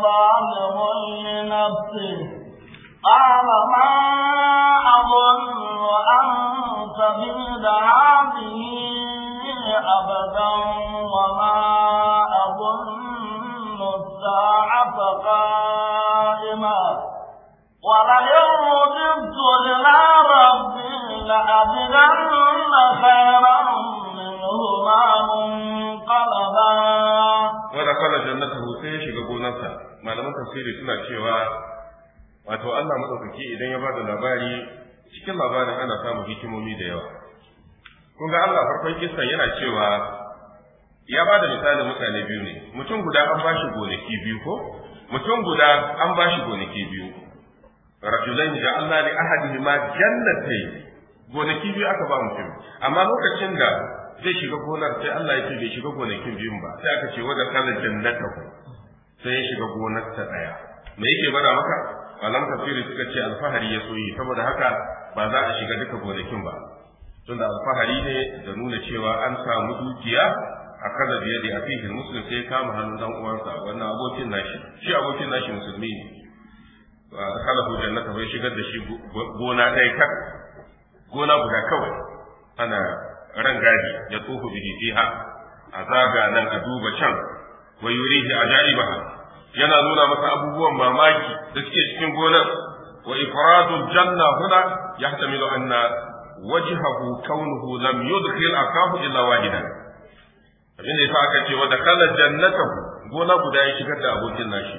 zalimun li nafsihi قال ما أظن أن تبيد هذه أبدا وما يضاعف قائما ولئن رددت إلى ربي لأجدن خيرا منهما منقلبا ودخل جنته سيشق قولنسا ما لم تفسيري سنة شيئا wato Allah madaukaki idan ya bada labari cikin labarin ana samun hikimomi da yawa kun ga Allah farkon kissan yana cewa ya ba da misalin mutane biyu ne mutum guda an ba shi gonaki biyu ko mutum guda an ba shi gonaki biyu rajulan ja Allah li ahadihi ma jannatai gonaki biyu aka ba mutum amma lokacin da zai shiga gonar sai Allah ya ce bai shiga gonakin biyun ba sai aka ce wajen kana jannatahu sai ya shiga gonar ta daya me yake bada maka malam tafsiri suka ce alfahari ya soyi saboda haka ba za a shiga duka gonakin ba tunda alfahari ne da nuna cewa an samu dukiya akaza biya da akihil muslim sai kama hannun dan uwansa wannan abokin nashi shi abokin nashi musulmi ne wa da na bai shigar da shi gona ɗaya kak gona guda kawai ana gadi ya tsohu bihi fiha a zaga nan a duba can wa yurihi ajaibaha yana nuna masa abubuwan mamaki da suke cikin gonar wa ifradul janna huna yahtamilu anna wajhahu kaunuhu lam yudkhil akahu illa wahidan abin da ya aka ce wa dakala jannatan gona guda ya shigar da abokin nashi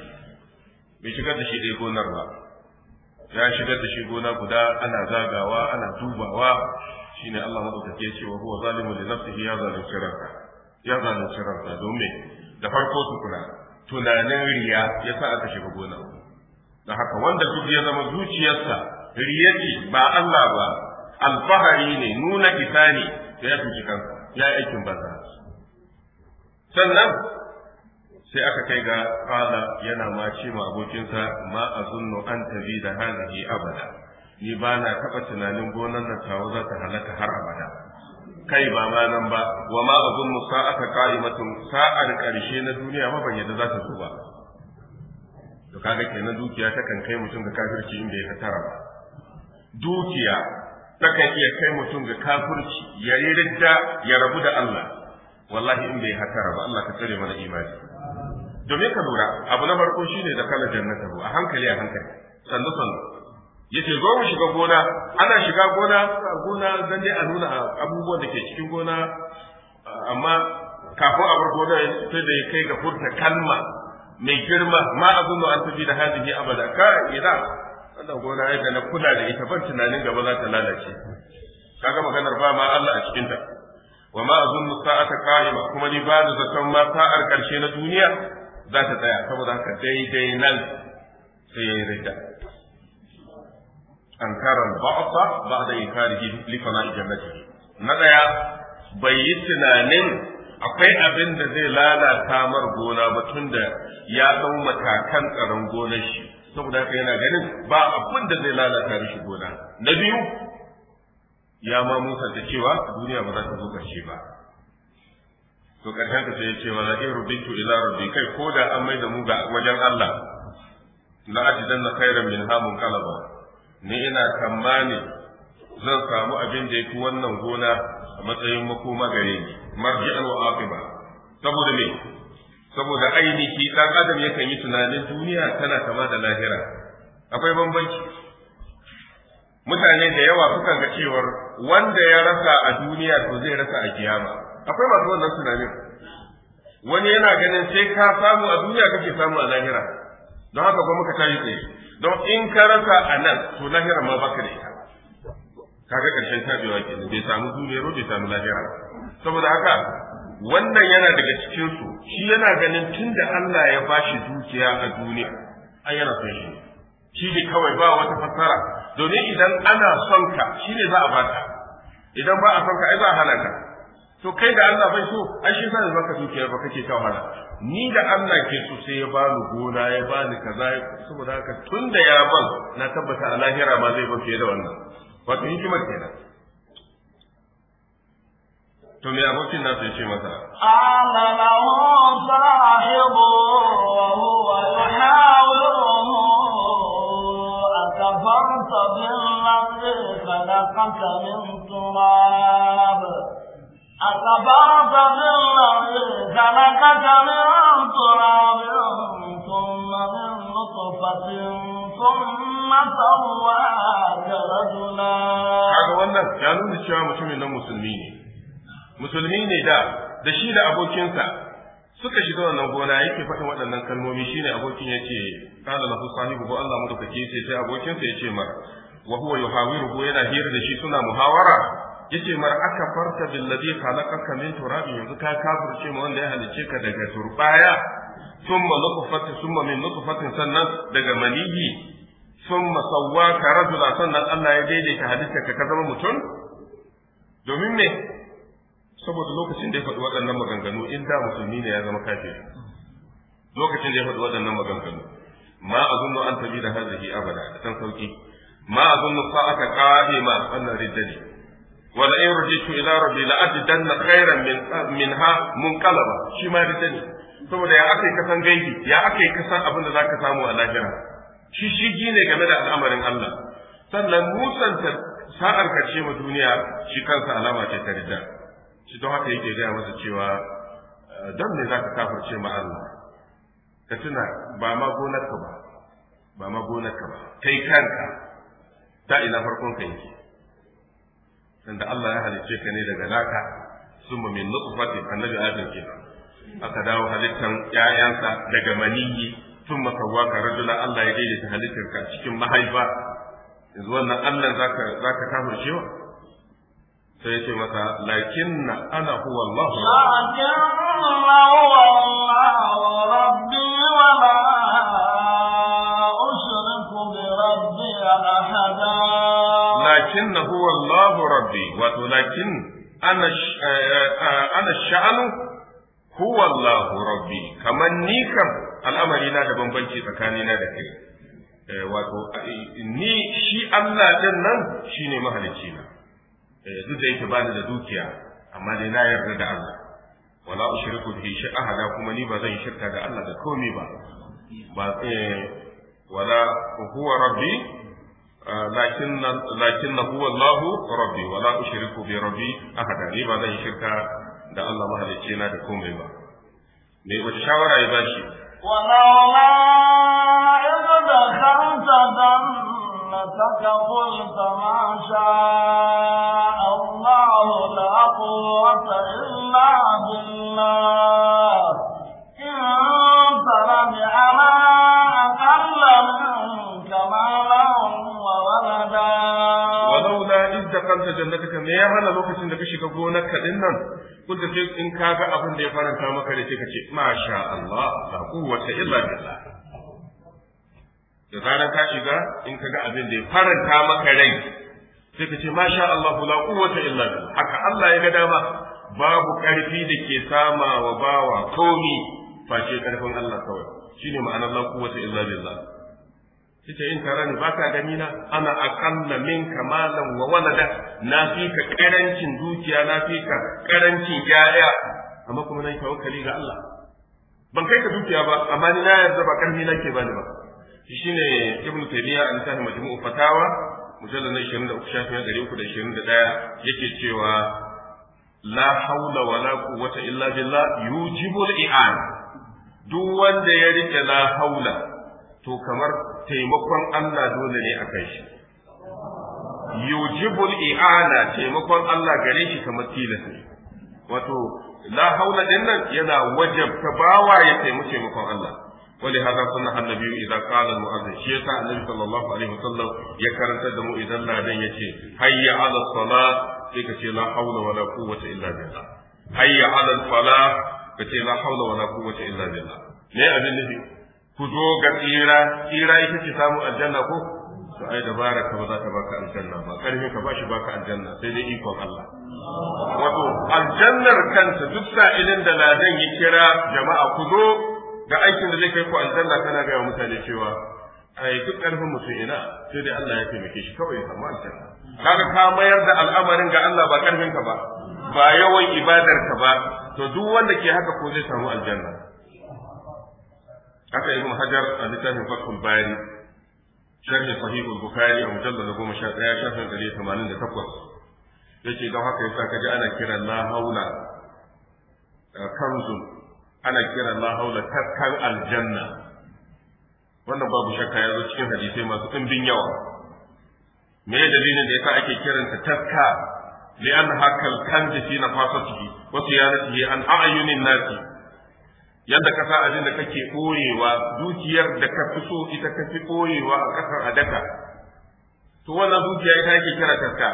bai shigar da shi dai gonar ba ya shigar da shi gona guda ana zagawa ana dubawa shine Allah madaukake ya ce wa huwa zalimu li nafsihi ya zalunci ranka ya zalunci ranka domin da farko su kula tunanin riya yasa aka shiga gona da haka wanda duk ya zama zuciyarsa riya ce ba Allah ba alfahari ne nuna isa ya fi kansa ya aikin banza sannan sai aka kai ga kala yana ma ce ma abokinsa ma a zunno an tabi da halaye abada ni ba na taɓa tunanin gonar na tawo za ta halaka har abada kai ba ma nan ba wa ma a aka sa'ata qa'imatun sa'ar ƙarshe na duniya ma ban yadda za ta zo ba to kaga kenan dukiya ta kan kai mutum ga kafirci inda ya tara ba dukiya ta kan iya kai mutum ga kafirci ya ridda ya rabu da Allah wallahi in bai hakara ba Allah ka tsare mana imani domin ka lura abu na farko shine da kala jannata a hankali a hankali sannu sannu yace zo mu shiga gona ana shiga gona gona zan dai a nuna abubuwan da ke cikin gona amma kafin a bar gona sai da kai ga furta kalma mai girma ma azunu an tafi da hadihi abada ka ina wannan gona ai da na kula da ita ban tunanin gaba za ta lalace kaga maganar ba ma Allah a cikin ta wa ma azunnu sa'ata qa'ima kuma ni ba da zaton ma sa'ar karshe na duniya za ta tsaya saboda haka daidai nan sai ya yi an karan ba'ata ba da li fana'i jannatihi na daya bai yi tunanin akwai abin da zai lalata mar gona ba tunda da ya dau matakan tsaron gonar shi saboda haka yana ganin ba abin da zai lalata mishi gona na biyu ya ma da cewa duniya ba za ta zo ƙarshe ba to ƙarshen ta sai ce wala in rubitu ila rabbi kai ko da an mai da mu ga wajen Allah la ajidanna khairan min hamun kalaba ni ina kammani zan samu abin da yafi wannan gona a matsayin makoma gare ni marji'an wa aqiba saboda me saboda ainihi dan adam yakan yi tunanin duniya tana kama da lahira akwai bambanci mutane da yawa sukan ga cewar wanda ya rasa a duniya to zai rasa a kiyama akwai masu wannan tunanin wani yana ganin sai ka samu a duniya kake samu a lahira don haka kuma muka tashi tsaye don in ka rasa a nan to lahira ma baka da ita kaga karshen tabewa ke, bai samu duniya ba bai samu lahira saboda haka wannan yana daga cikin su shi yana ganin tunda Allah ya bashi dukiya a duniya ai yana son shi shi kawai ba wata fassara domin idan ana son ka shine za a baka idan ba a son ka ai za a hana ka to kai da Allah bai so ai shi sai baka dukiyar ba kake ta hana. ni da Allah ke so sai ya bani gona ya bani kaza saboda haka tunda ya ban na tabbata a lahira ma zai ba fiye da wannan wato hikimar kenan to me abokin na sai ce masa la hu sahibu wa huwa yuhawiru كفرت بالذي خلقك من تراب أكفرت بالذي خلقك من تراب ثم من نطفة ثم سواك رجلا هذا wannan ya nuna cewa mutumin nan musulmi ne musulmi ne da da shi da abokinsa suka shiga wannan gona yake faɗin waɗannan kalmomi shine abokin yake kana lahu sahibu ko Allah madaukake yace sai abokin sa yace mar wa huwa yuhawiruhu yana hira da shi suna muhawara yace mar aka farta bil ladhi khalaqaka min turabin yanzu ka kafirce mu wanda ya halice ka daga turbaya thumma nutfatu thumma min nutfatin sannan daga maniyi thumma sawwaka rajula sannan Allah ya daidaita halitta ka zama mutum domin me saboda lokacin da ya faɗi waɗannan maganganu in da musulmi ne ya zama kafiri lokacin da ya faɗi waɗannan maganganu ma azunnu an tabi da hazihi abada da san sauki ma azunnu sa'ata qa'ima wannan riddani wa la in rujitu ila rabbi la ajidanna khairan min minha munqalaba shi ma riddani saboda ya akai yi kasan gaibi ya akai yi kasan abin da zaka samu a lahira shi shi ne game da al'amarin Allah sannan musanta sa'ar karshe ma duniya shi kansa alama ce ta riddani shi don haka yake gaya masa cewa eh, don ne za ka kafarce ma Allah ka tuna ba ma gonarka ba ba ma gonarka ba kai kanka ta ina farkon ka yake tunda Allah ya halicce ka ne daga naka summa min nutfati annabi adam kenan aka dawo halittan ƴaƴansa daga maniyyi summa ka rajula Allah ya daidaita halittarka cikin mahaifa yanzu wannan Allah zaka zaka wa? sai ya ce masa na ana huwa Allah lakinna huwa rabbi rabbi huwa Allah rabbi wato lakin ana eh, eh, eh, sha'anu huwa Allah rabbi ni kam al'amari na da bambanci tsakanina da kai wato ni shi Allah din nan shine mahalicci na Eh, duk da yake bani da dukiya amma dai na yarda da Allah wala ushriku bi shi ahada kuma ni ba zan shirka da Allah da komai ba ba eh, wala huwa rabbi lakin eh, lakin huwa Allah rabbi wala ushriku bi rabbi ahada ni ba zan shirka da Allah mahalicci na da komai ba me wata shawara ya bashi wala wala la idza dakhalta تقل فما شاء الله لا قوة إلا بالله إن ترد على أقل منك مالا وولدا ولولا إذ دخلت جنتك ما يهنا لوكسين da ka shiga gonarka din nan kun da in kaga abin da ya faranta maka da ke kace masha Allah illa da zarar ka shiga in ka ga abin da ya faranta maka rai sai ka ce masha Allah la quwwata illa billah haka Allah ya ga dama babu karfi da ke sama wa bawa komi face karfin Allah kawai shine ma'anar la quwwata illa billah kace in tara ni baka gani na ana aqalla min kamalan wa walada na fi ka karancin dukiya na fi ka karancin jaya amma kuma nan tawakkali ga Allah ban kai ka dukiya ba amma ni na yarda ba karfi nake bani ba Shi ne ibn taymiya an tahi majmu'u fatawa mujallal na 23 shafin 321 yake cewa la haula wala quwwata illa billah yujibu al-i'an duk wanda ya rike la haula to kamar taimakon Allah dole ne akan shi yujibu al-i'ana taimakon Allah gare shi kamar tilas ne wato la haula dinnan yana wajabta bawa ya taimaki taimakon Allah ولهذا صنع النبي اذا قال المؤذن شيء النبي صلى الله عليه وسلم يكرنت دمو اذا لا دين يتي حي على الصلاه فيك لا حول ولا قوه الا بالله حي على الفلاح فيك لا حول ولا قوه الا بالله ليه ابن النبي كدو غيرا غيرا يتي سامو الجنه كو to ai dabara ka ba za ta baka aljanna ba karfin ka bashi baka aljanna sai dai ikon Allah wato aljannar kanta duk sa'ilin da ladan ya kira jama'a ku zo da aikin da zai kai ku aljanna kana ga mutane cewa ai duk karfin mutum ina sai dai Allah ya taimake shi kawai ya samu aljanna kaga ka mayar da al'amarin ga Allah ba karfin ka ba ba yawan ibadar ka ba to duk wanda ke haka ko zai samu aljanna haka ibn hajar a littafin fathul bayani sharhi sahih al-bukhari a mujallal 11 shafin 188 yace don haka yasa kaji ana kiran la haula kanzun ana kiran la haula taskar aljanna wannan babu shakka ya zo cikin hadisai masu ɗimbin yawa me ya dalilin da yasa ake kiranta li an hakal kanji fi nafasatihi wa siyaratihi an a'yunin nasi yadda ka sa abin da kake koyewa dukiyar da ka fi so ita ka fi koyewa a ƙasar adaka to wannan dukiya ita ake kira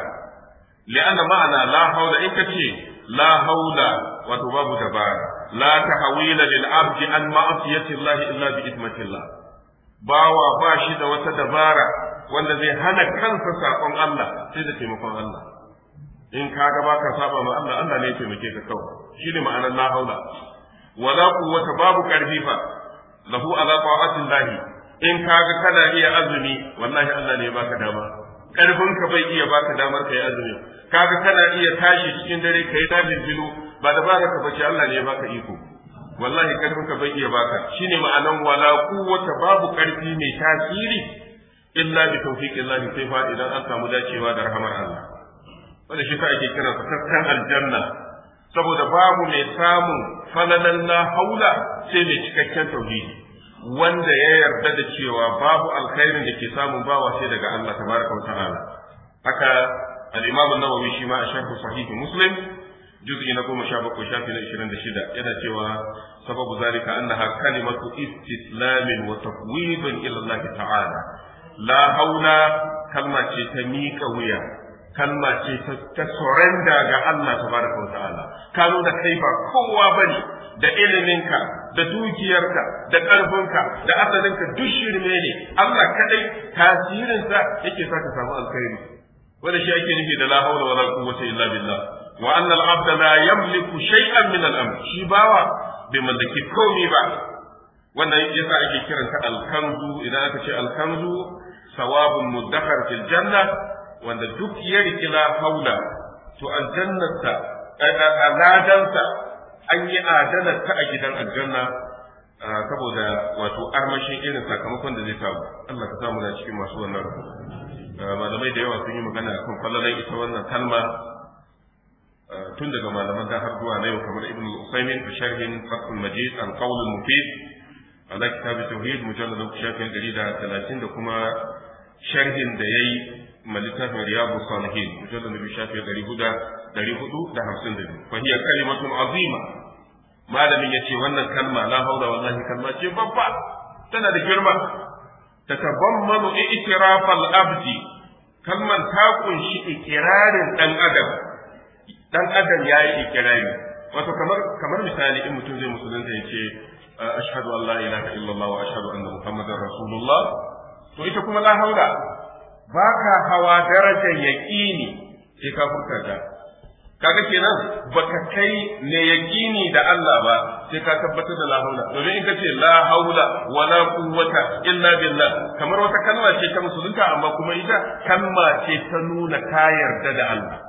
li an ma'ana la haula in ka ce la haula wato babu dabara la tahwila lil abdi an ma'siyati Allah illa bi idmatillah bawa ba shi da wata dabara wanda zai hana kansa sakon Allah sai da taimakon Allah in ka ga baka saba ma Allah Allah ne ya taimake ka kawai shine ma'anar la haula wala quwwata babu karfi fa lahu ala lahi. in ka ga kana iya azumi wallahi Allah ne ya baka dama karfin ka bai iya baka damar kai azumi kaga kana iya tashi cikin dare kai tashi bilu ba da baraka ka bace Allah ne ya baka iko wallahi karfin ka bai iya baka shine ma'anan wala quwwata babu karfi mai tasiri illa bi Allah sai fa idan an samu dacewa da rahmar Allah wanda shi ka ake kira sa aljanna saboda babu mai samun falalan la haula sai mai cikakken tauhidi wanda ya yarda da cewa babu alkhairin da ke samun bawa sai daga Allah tabaraka wa ta'ala haka al-imam an-nawawi shi ma a sharh sahih muslim juz'i na goma sha bakwai shafi na ishirin da shida yana cewa sababu zalika annaha kalimatu istislamin wa tafwidun ila Allah ta'ala la hauna kalma ce ta miƙa wuya kalma ce ta surrenda ga Allah tabaraka wa ta'ala ka da kai ba kowa bane da iliminka da dukiyarka da ƙarfinka da asalinka duk shirme ne Allah kadai tasirinsa yake sa ka samu alkhairi wanda shi ake nufi da la haula wala illa billah wa anna al-abda la yamliku al-amr bawa bai mallaki komi ba wannan yasa ake kiranta al-kanzu idan aka ce al-kanzu sawabun muddakhar fil janna wanda duk ya riki la haula to aljannarsa aladansa an yi adanarta a gidan aljanna saboda wato armashin irin sakamakon da zai samu Allah ka samu na cikin masu wannan malamai da yawa sun yi magana akan kwallalan isa wannan kalma tun daga malaman da har zuwa na yau kamar ibn usaimin a sharhin fathul majid al qawl mufid ala kitab tauhid mujallad shafin 130 da kuma sharhin da yayi malittafin riyadu salihin mujallad bi shafin 400 fa hiya kalimatun azima malamin yace wannan kalma la haula wallahi kalma ce babba tana da girma tatadammanu i'tiraf al abdi kalman ta kunshi ikirarin dan adam dan adam ya yi ikirari wato kamar kamar misali in mutum zai musulunta ya ce ashhadu an la ilaha illallah wa ashhadu anna muhammadar rasulullah to ita kuma la hawla ba ka hawa darajar yaqini sai ka furta kaga kenan baka kai ne yaqini da Allah ba sai ka tabbatar da la hawla to in kace la wa la quwwata illa billah kamar wata kalma ce ta musulunta amma kuma ita kalma ce ta nuna ka yarda da Allah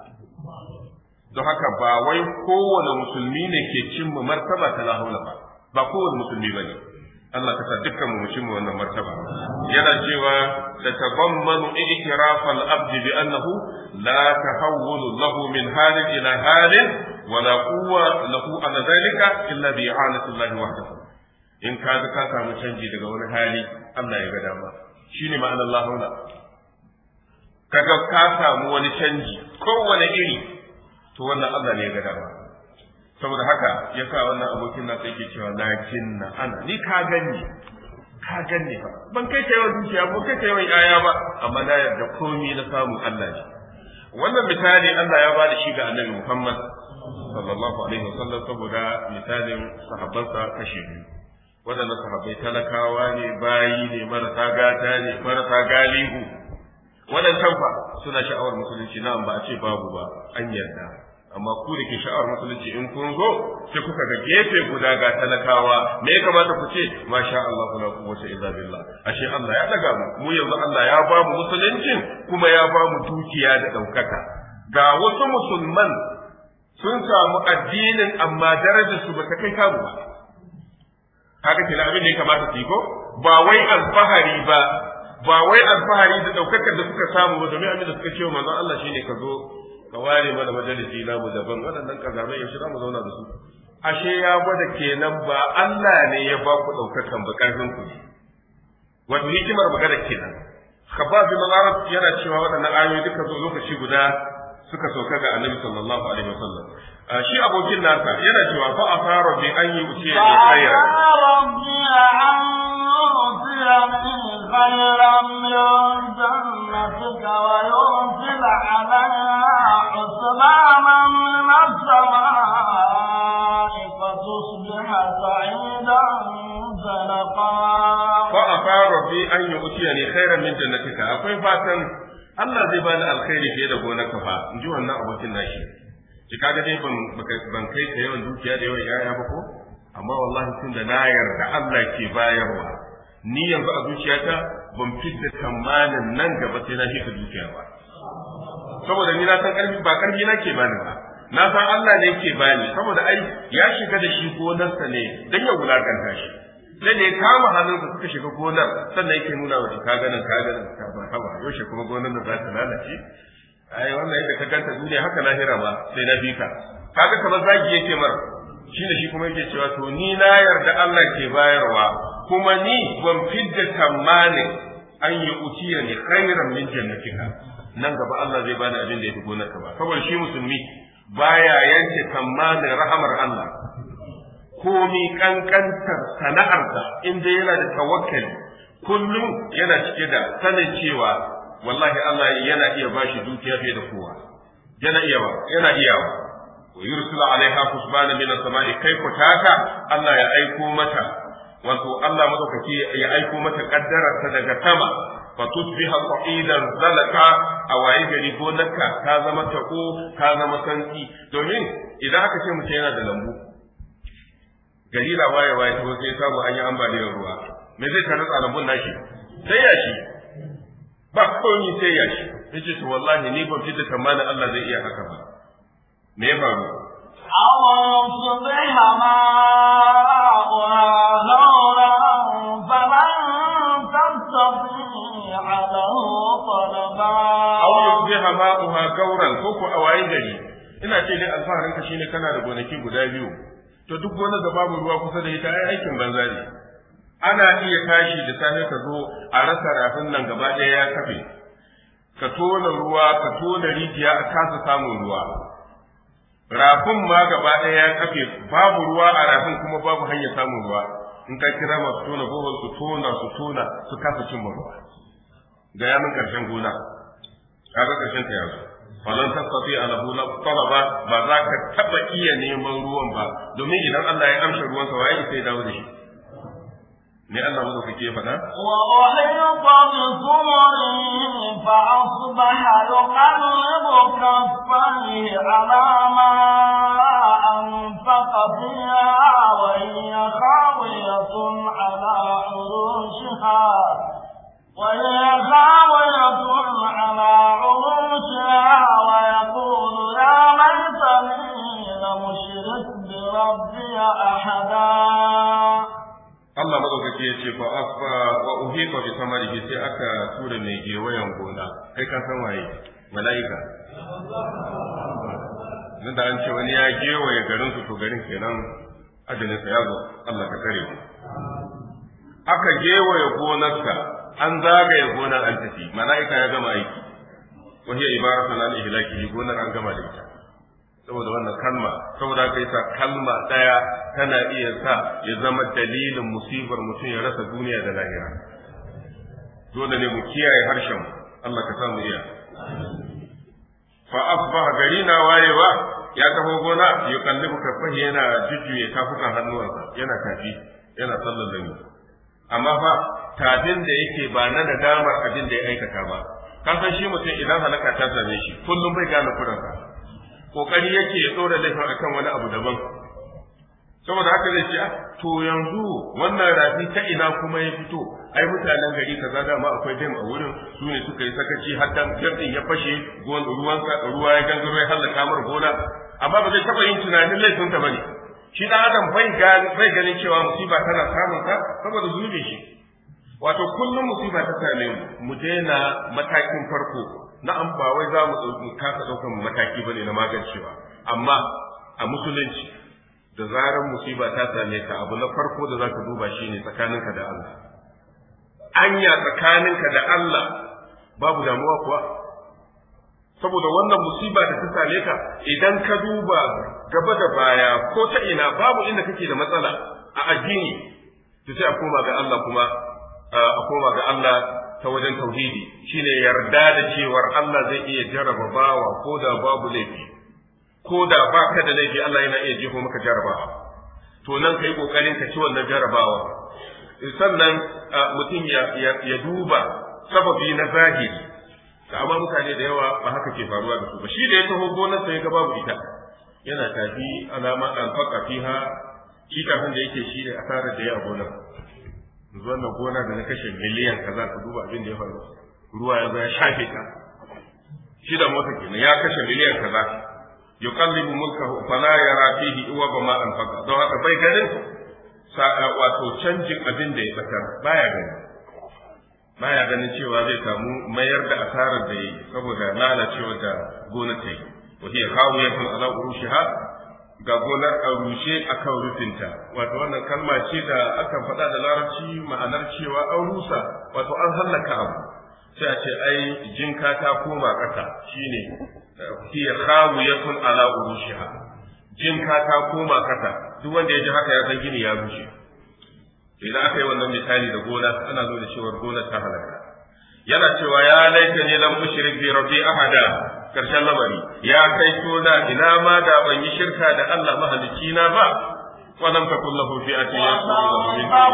don haka ba wai kowane musulmi ne ke cimma martaba ta la ba ba kowane musulmi ba ne Allah ta sa dukkan mu cimma wannan martaba yana cewa da tabammanu i'tiraf al-abd bi annahu la tahawwulu lahu min halin ila halin wa la quwwa lahu ala dhalika illa bi i'anati Allah wahdahu in ka ga ka samu canji daga wani hali Allah ya ga dama shine ma'anar la haula kaga ka samu wani canji kowane iri to wannan Allah ne ya gada ba saboda haka ya sa wannan abokin na sai ke cewa lakin na ana ni ka ganni ka ganni ba ban kai ta yawan zuciya ban kai ta yawan yaya ba amma na yarda komai na samun Allah ne wannan misali Allah ya ba da shi ga annabi Muhammad sallallahu alaihi wasallam saboda misalin sahabbansa kashi biyu waɗannan sahabbai talakawa ne bayi ne marasa gata ne marasa galihu waɗancan fa suna sha'awar musulunci na ba a ce babu ba an yarda amma ku da ke sha'awar musulunci in kun zo sai kuka ga gefe guda ga talakawa me ya kamata ku ce masha Allah ku wata illa billah ashe Allah ya daga mu mu yanzu Allah ya ba mu musuluncin kuma ya ba mu dukiya da daukaka ga wasu musulman sun samu addinin amma darajar su ba ta kai kabu ba kaga kila abin da ya kamata su yi ko ba wai alfahari ba ba wai alfahari da daukakar da suka samu ba domin abin da suka ce manzon Allah shine ka zo ka ware mana majalisi na mu daban waɗannan kazamai yaushe za mu zauna da su ashe ya gwada kenan ba Allah ne ya ba ku daukakan ba karfin ku ne wato hikimar magana kenan khabbab bin arab yana cewa waɗannan ayoyi duka zo lokaci guda suka sauka ga annabi sallallahu alaihi wasallam shi abokin nasa yana cewa fa afara bi an yi uce ne khayra an فإن لم جنتك ويرسل عليها حسبانا من السماء فتصبح سعيدا زلقا Allah zai bani alkhairi fiye da gonarka fa in ji wannan abokin nashi ki kaga dai ban ban kai ka yawan dukiya da yawan yaya ba ko amma wallahi tun da na yarda Allah ke bayarwa ni yanzu a zuciyata ban fidda tsammanin nan gaba sai na shiga zuciya ba saboda ni na san karfi ba karfi na ke bani ba na san Allah ne ke bani saboda ai ya shiga da shi gonarsa ne dan ya wulakanta shi sai da ya kama da suka shiga gonar sannan yake nuna wa ka ganin ka ganin ka ba haba yaushe kuma gonar da za ta lalace ai wannan yadda ka ganta duniya haka lahira ba sai na bika kaga kamar zagi yake mar shi da shi kuma yake cewa to ni na yarda Allah ke bayarwa kuma ni ban fidda tamanin an yi uciya ne khairan min jannatika nan gaba Allah zai bani abin da ya fi gonarka ba saboda shi musulmi baya yanke tamanin rahamar Allah komi kankantar sana'arsa inda yana da tawakkali kullum yana cike da sanin cewa wallahi Allah yana iya bashi dukiya fiye da kowa yana iya ba yana iya ba wa yursila alaiha kusbana min as-sama'i kai kutaka Allah ya aiko mata wato Allah madaukaki ya aiko mata ta daga sama fa tusbiha qa'idan zalaka a waye gari gonarka ta zama tako ta zama santi domin idan aka ce mutum yana da lambu gari waye waye ta sai samu an yi ambaliyar ruwa me zai ta a lambun nashi sai ya shi. ba komai sai ya shi. yace to wallahi ni ban fita tamanin Allah zai iya haka ba me ya faru أو صبح ماؤها Au yusbiha ma'uha gauran ko ku a gari ina ce dai alfaharin ka shine kana da gonaki guda biyu to duk gonar da babu ruwa kusa da ita ai aikin banza ne ana iya tashi da safe ka zo a rasa rafin nan gaba ɗaya ya kafe ka tona ruwa ka tona rijiya a kasa samun ruwa rafin ma gaba ɗaya ya kafe babu ruwa a rafin kuma babu hanyar samun ruwa in ka kira masu tona bohol su tona su tona su kasa cin ruwa ga yamin karshen gona kaga karshen ta yazo falan a ala buna talaba ba za ka taba iya neman ruwan ba domin idan Allah ya amsa ruwan sa waye sai dawo da shi ne Allah mu kake faɗa wa ahayta bisumarin fa asbaha yuqallibu kaffani ala ma أنفق فيها وهي خاوية على عروشها وهي خاوية على عروشها ويقول يا ليتني لم أشرك بربي أحدا Allah mazaukaki ya ce fa afa wa uhifa bi samarihi sai aka tura mai gewayen gona kai ka san waye mala'ika nan da an ce wani ya gewaye garin su to garin kenan nan, sa ya zo Allah ka kare mu aka gewaye gonarsa an zagaye gonar an tafi mala'ika ya gama aiki wa hiya ibaratun an ihlakihi gonar an gama da ita saboda wannan kalma saboda kai sa kalma daya tana iya sa ya zama dalilin musibar mutum ya rasa duniya da lahira dole ne mu kiyaye harshen Allah ka samu iya fa asbaha gari na wayewa ya kafa gona ya kalli kafahi yana jujjuye kafukan hannuwansa yana tafi yana sallar lami amma fa tafin da yake ba na da damar abin da ya aikata ba kan shi mutum idan halaka ta same shi kullum bai gane kuransa kokari yake ya tsora laifin akan wani abu daban saboda haka zai ce ah, to yanzu wannan rafi ta ina kuma ya fito ai mutanen gari kaza dama akwai dam a wurin su ne suka yi sakaci har dam ya fashe ruwan ruwa ya gangaro ya hallaka mar gona amma ba zai taba yin tunanin laifin ta bane shi dan adam bai bai ganin cewa musiba tana samun ka saboda zunubi shi wato kullum musiba ta same mu mu daina matakin farko an ba wai za mu kasa daukan mataki bane na magancewa amma a musulunci da zarar musiba ta same ka abu na farko da zaka duba shine tsakaninka da Allah anya tsakaninka da Allah babu damuwa kuwa saboda wannan musiba da ta same ka idan ka duba gaba da baya ko ta ina babu inda kake da matsala a addini to sai a koma ga Allah kuma a koma ga Allah ta wajen tauhidi shine yarda da cewar Allah zai iya jarraba bawa ko da babu laifi ko da ba ka da laifi Allah yana iya jefo maka jarabawa to nan kai kokarin ka ci wannan jarabawa sannan mutum ya duba sababi na zahiri Da amma mutane da yawa ba haka ke faruwa da su ba shi da ya taho gonarsa ya ga babu ita yana tafi alama alfaka fiha shi kafin da yake shi da asarar da ya a gonar wannan gona da na kashe miliyan kaza ka duba abin da ya faru ruwa ya zo ya shafe ta shi da mota kenan ya kashe miliyan kaza yuqallibu mulkahu fala yara fihi iwa ma anfaqa don haka bai ganin eh, wato canjin abin da ya fitar baya gani baya ganin cewa zai samu mayar da asarar da yi saboda lalacewa da gona ta yi wa hiya khawiyatun ala urushiha ga gonar a rushe akan rufinta wato wannan kalma ce da akan faɗa da larabci ma'anar cewa an rusa wato an hallaka abu sai ce ai jin katako ma ƙasa shine hiya khawiyatun ala urushiha jin ka ta koma kasa duk wanda ya ji haka ya san gini ya rushe idan aka yi wannan misali da gona ana da cewa gonar ta halaka yana cewa ya laita ne lam ushrik bi rabbi ahada karshen lamari ya kai tona ina ma da ban yi shirka da Allah mahalicci na ba ولم تكن له فئة ينصرونه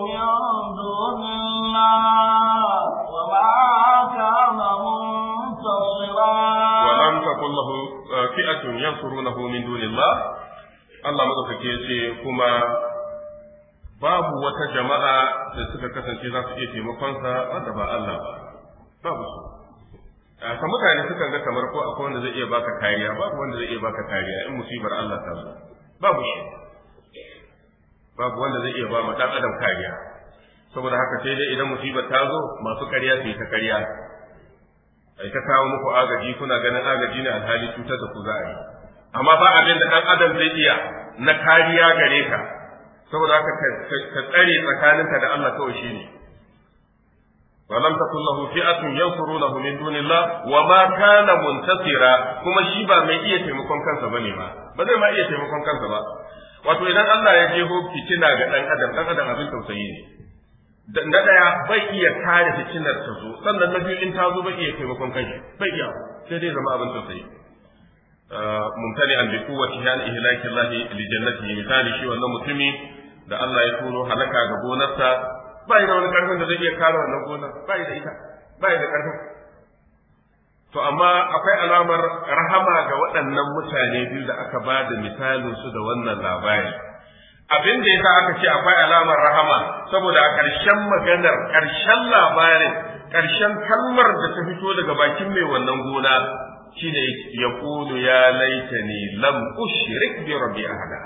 من دونه takun lahu eh, fi'atun yansurunahu min dunillah Allah madaukake ya ce kuma babu wata jama'a da suka kasance za su iya taimakonsa wanda ba Allah ba babu su ka eh, mutane sukan ga kamar ko akwai wanda zai iya baka kariya babu wanda zai iya baka kariya in musibar Allah ta zo babu shi babu wanda zai iya ba mu dan adam kariya saboda haka sai dai idan musibar ta zo masu kariya su yi ta kariya ai ta kawo muku agaji kuna ganin agaji ne alhali cutar da ku za'a yi amma ba abin da ɗan adam zai iya na kariya gare ka saboda haka ka tsare tsakaninka da Allah kawai shi ne ولم تكن له فئة ينصرونه من دون الله وما كان منتصرا Kuma shi ba mai iya taimakon kansa bane ba ba zai ma iya taimakon kansa ba wato idan Allah ya jeho fitina ga dan adam dan adam abin tausayi ne da na daya bai iya kare fitinar ta zo sannan na biyu in ta zo bai iya taimakon kanshi bai iya sai dai zama abin tausayi uh, mumtani an bi kuwati ya an ihlaki Allah li jannati misali shi wannan mutumi da Allah ya turo halaka ga gonarsa bai da wani karfin da zai iya kare wannan gonar bai da ita bai da karfin to amma akwai alamar rahama ga waɗannan mutane biyu da aka ba da misalin su da wannan labari abin da yasa aka ce akwai alamar rahama saboda a ƙarshen maganar ƙarshen labarin ƙarshen kalmar da ta fito daga bakin mai wannan gona shine ya kulu ya laitani lam ushrik bi rabbi ahada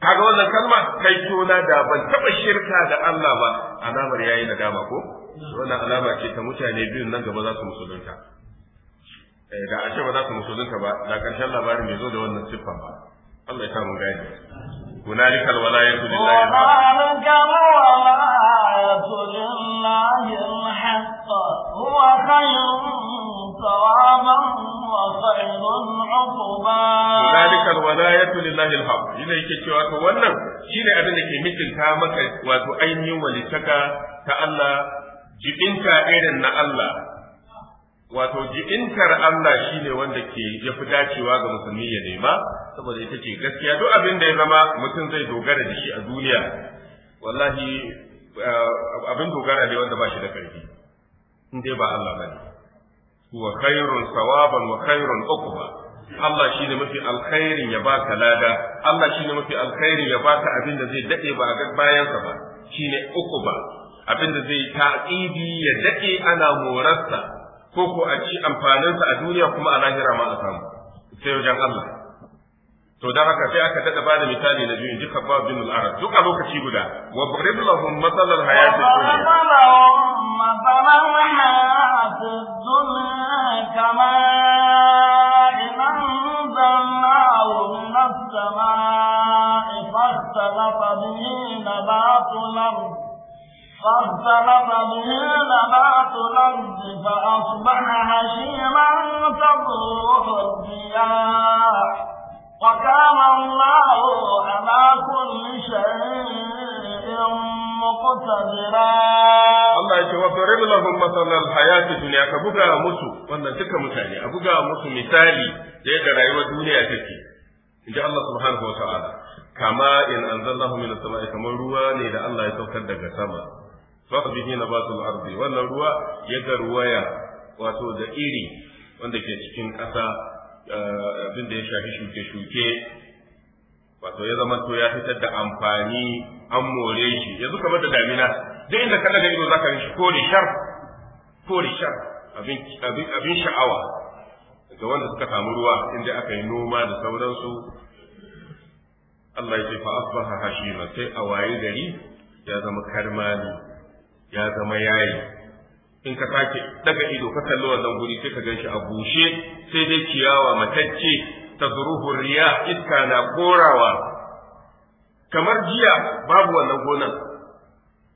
kaga wannan kalma kai tona da ban taba shirka da Allah ba alamar yayi dama ko wannan alama ce ta mutane biyun nan gaba za su musulunta eh, da ashe ba za su musulunta ba da karshen labarin ya zo da wannan siffan ba Allah ya samu gani هنالك الولاية لله هنالك الولاية لله الحق هو خير ثوابا وخير عقبا هنالك الولاية لله الحق إذا يكتشف أنه ولن شيء أدنى تامك وتؤين ولتك تألا جئنك إيرن الله wato ji'intar Allah shi ne wanda ke ya saboda ita ce gaskiya duk abin da ya zama mutum zai dogara da shi a duniya wallahi eh, abin dogara ne wanda ba shi da ƙarfi in dai ba Allah ba ne wa khairun sawaban wa khairun uqba Allah shine mafi alkhairin ya baka lada Allah shine mafi alkhairin ya baka abin da zai dade ba ga bayansa ba shine uqba abin da zai ta'idi ya dade ana morarsa ko ko a ci amfanin sa a duniya kuma a lahira ma a samu sai wajen Allah to dan haka sai aka dada bada misali na biyu jika ba bin al-arab duk a lokaci guda wa barib lahum masalan hayati dunya masalan dunya فاختلط به نبات الأرض فأصبح هشيما تضره الرياح وكان الله على كل شيء مقتدرا Allah ya ce wa farid lahum masalan hayati dunya ka buga musu wannan duka mutane a buga musu misali da yadda rayuwar duniya take inji Allah subhanahu wa ta'ala kama in anzalahu min as-sama'i kamar ruwa ne da Allah ya saukar daga sama fa bihi basu ardi wannan ruwa ya garwaya wato da iri wanda ke cikin ƙasa Eh, abin da ya shafi shuke-shuke wato ya zama to ya fitar da amfani an more shi yanzu kamar da damina duk inda ka daga ido za ka shi kori shar kori shar abin sha'awa ga wanda suka samu ruwa inda aka yi noma da sauransu Allah ya ce fa asbaha hashima sai awayi gari ya zama karmani ya zama yayi in ka sake daga ido ka kalli wannan guri sai ka ganshi a bushe sai dai ciyawa matacce ta zuruhu riya iska na korawa kamar jiya babu wannan gonan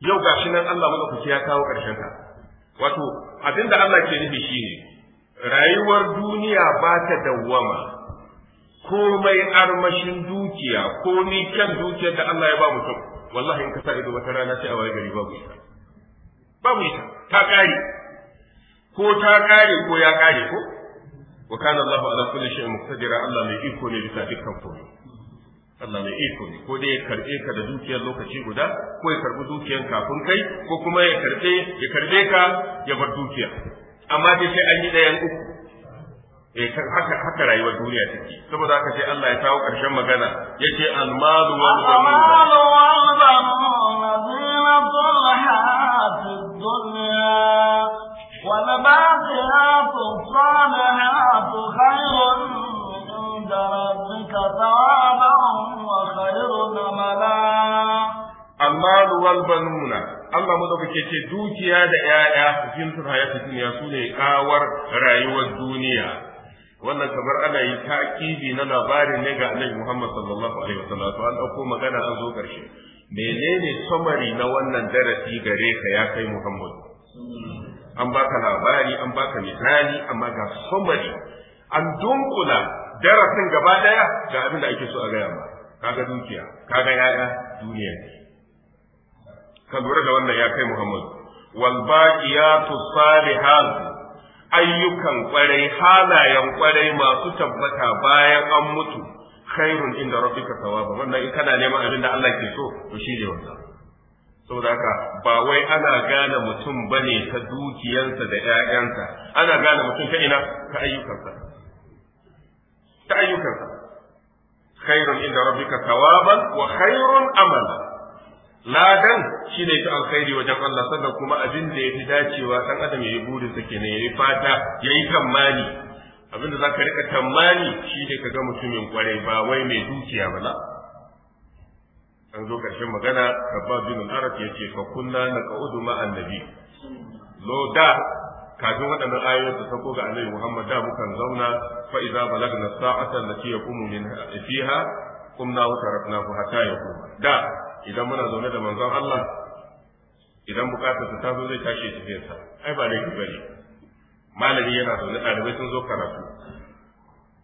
yau gashi nan Allah madaukaki ya kawo ƙarshen ka wato abinda Allah ke nufi shine rayuwar duniya ba ta dawwama komai armashin dukiya komai kyan dukiyar da Allah ya ba mutum wallahi in ka sa ido wata rana sai a waye gari babu ita babu ita ta ƙare ko ta ƙare ko ya ƙare ko wa kana Allahu ala kulli shay'in muqtadira Allah mai iko ne bisa dukkan komai Allah mai iko ne ko dai ya karɓe ka da dukiyar lokaci guda ko ya karɓi dukiyar kafin kai ko kuma ya karɓe ya karbe ka ya bar dukiya amma dai sai an yi ɗayan uku eh haka haka rayuwar duniya take saboda haka sai Allah ya kawo ƙarshen magana yace al-malu wal banun الحياة الدنيا والباقيات الصالحات خير عند ربك ثوابا وخير املا المال والبنون Allah madaukake ce dukiya da ‘ya'ya fahimtar hayatu duniya su ne kawar rayuwar duniya. Wannan kamar ana yi taƙibi na labarin ne ga Annabi Muhammad sallallahu alaihi wasallam to an ɗauko magana an zo ƙarshe. menene samari na wannan darasi gare ka ya kai Muhammad an baka labari an baka misali amma ga samari an dunkula darasin gaba daya ga abin da ake so a gaya ma kaga dukiya kaga yaya duniya ka lura da wannan ya kai Muhammad wal baqiyatu salihan ayyukan kwarai halayen kwarai masu tabbata bayan an mutu khairun inda rabbika tawaba wannan in kana neman abin da Allah ke so to shi ne wannan saboda haka ba wai ana gane mutum bane ta dukiyarsa da ƴaƴansa ana gane mutum ta ina ta ayyukansa ta ayyukansa khairun inda rabbika thawaban wa khairun amala ladan shi ne ta alkhairi wajen Allah sannan kuma abin da ya fi dacewa dan adam ya yi burinsa kenan ya yi fata ya yi abinda za ka rika tamani shi ne ka ga mutumin kwarai ba wai mai dukiya ba na an zo ƙarshen magana rabba bin arab ya ce fa kunna na ka'udu ma annabi lo da kafin waɗannan ayoyin da sako ga annabi muhammad da mukan zauna fa idza balagna sa'ata allati yaqumu min fiha qumna wa taraknahu hatta yaqum da idan muna zaune da manzon Allah idan bukatar ta zo zai tashi cikin sa ai ba laifi bane malami yana zaune ɗalibai sun zo karatu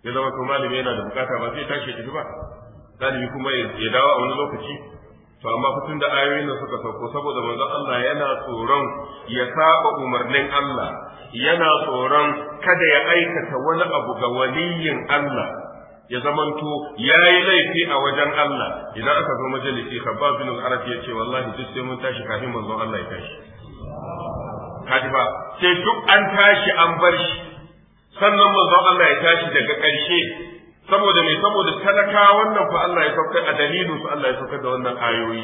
ya zama to malami yana da bukata ba zai tashi tafi ba ɗalibi kuma ya dawo a wani lokaci to amma fitin da ayoyin da suka sauko saboda manzon Allah yana tsoron ya saba umarnin Allah yana tsoron kada ya aikata wani abu ga waliyin Allah ya zamanto ya yi laifi a wajen Allah idan aka zo majalisi Khabbab bin al-Arab ya ce wallahi duk sai mun tashi kafin manzon Allah ya tashi kaji sai duk an tashi an bar shi sannan manzon Allah ya tashi daga ƙarshe saboda me saboda talaka wannan fa Allah ya saukar a dalilin su Allah ya saukar da wannan ayoyi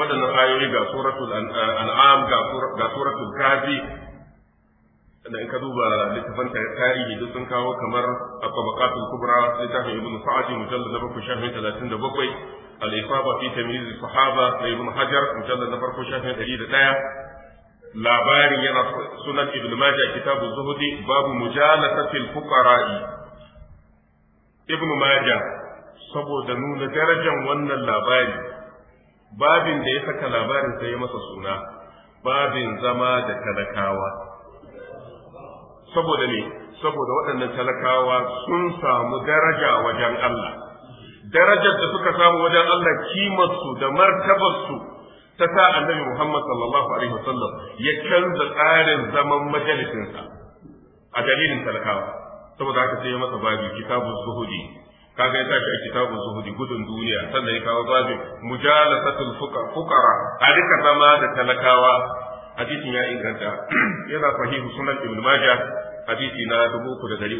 waɗannan ayoyi ga suratul eh, an'am ga suratul kafi da in ka duba littafin tarihi duk sun kawo kamar a tabaqatul kubra littafin ibn sa'd mujallad na farko shafin 37 al-ifaba fi tamyiz sahaba na ibn hajar mujallad na farko shafin 101 labarin yana sunan ibn majah kitabu zuhudi babu mujalasatil fuqara'i ibn majah saboda nuna darajar wannan labari babin da ya saka labarin sai ya masa suna babin zama da talakawa saboda ne saboda waɗannan talakawa sun samu daraja wajen Allah darajar da suka samu wajen Allah kimarsu da martabarsu ta sa annabi Muhammad sallallahu alaihi wasallam ya canza tsarin zaman majalisinsa a dalilin talakawa saboda haka sai ya masa babi kitabun zuhudi kaga ya sa shi a kitabun zuhudi gudun duniya sannan ya kawo babi mujalasatul fuqara a rika zama da talakawa hadisin ya inganta yana sahihu sunan ibn majah hadisi na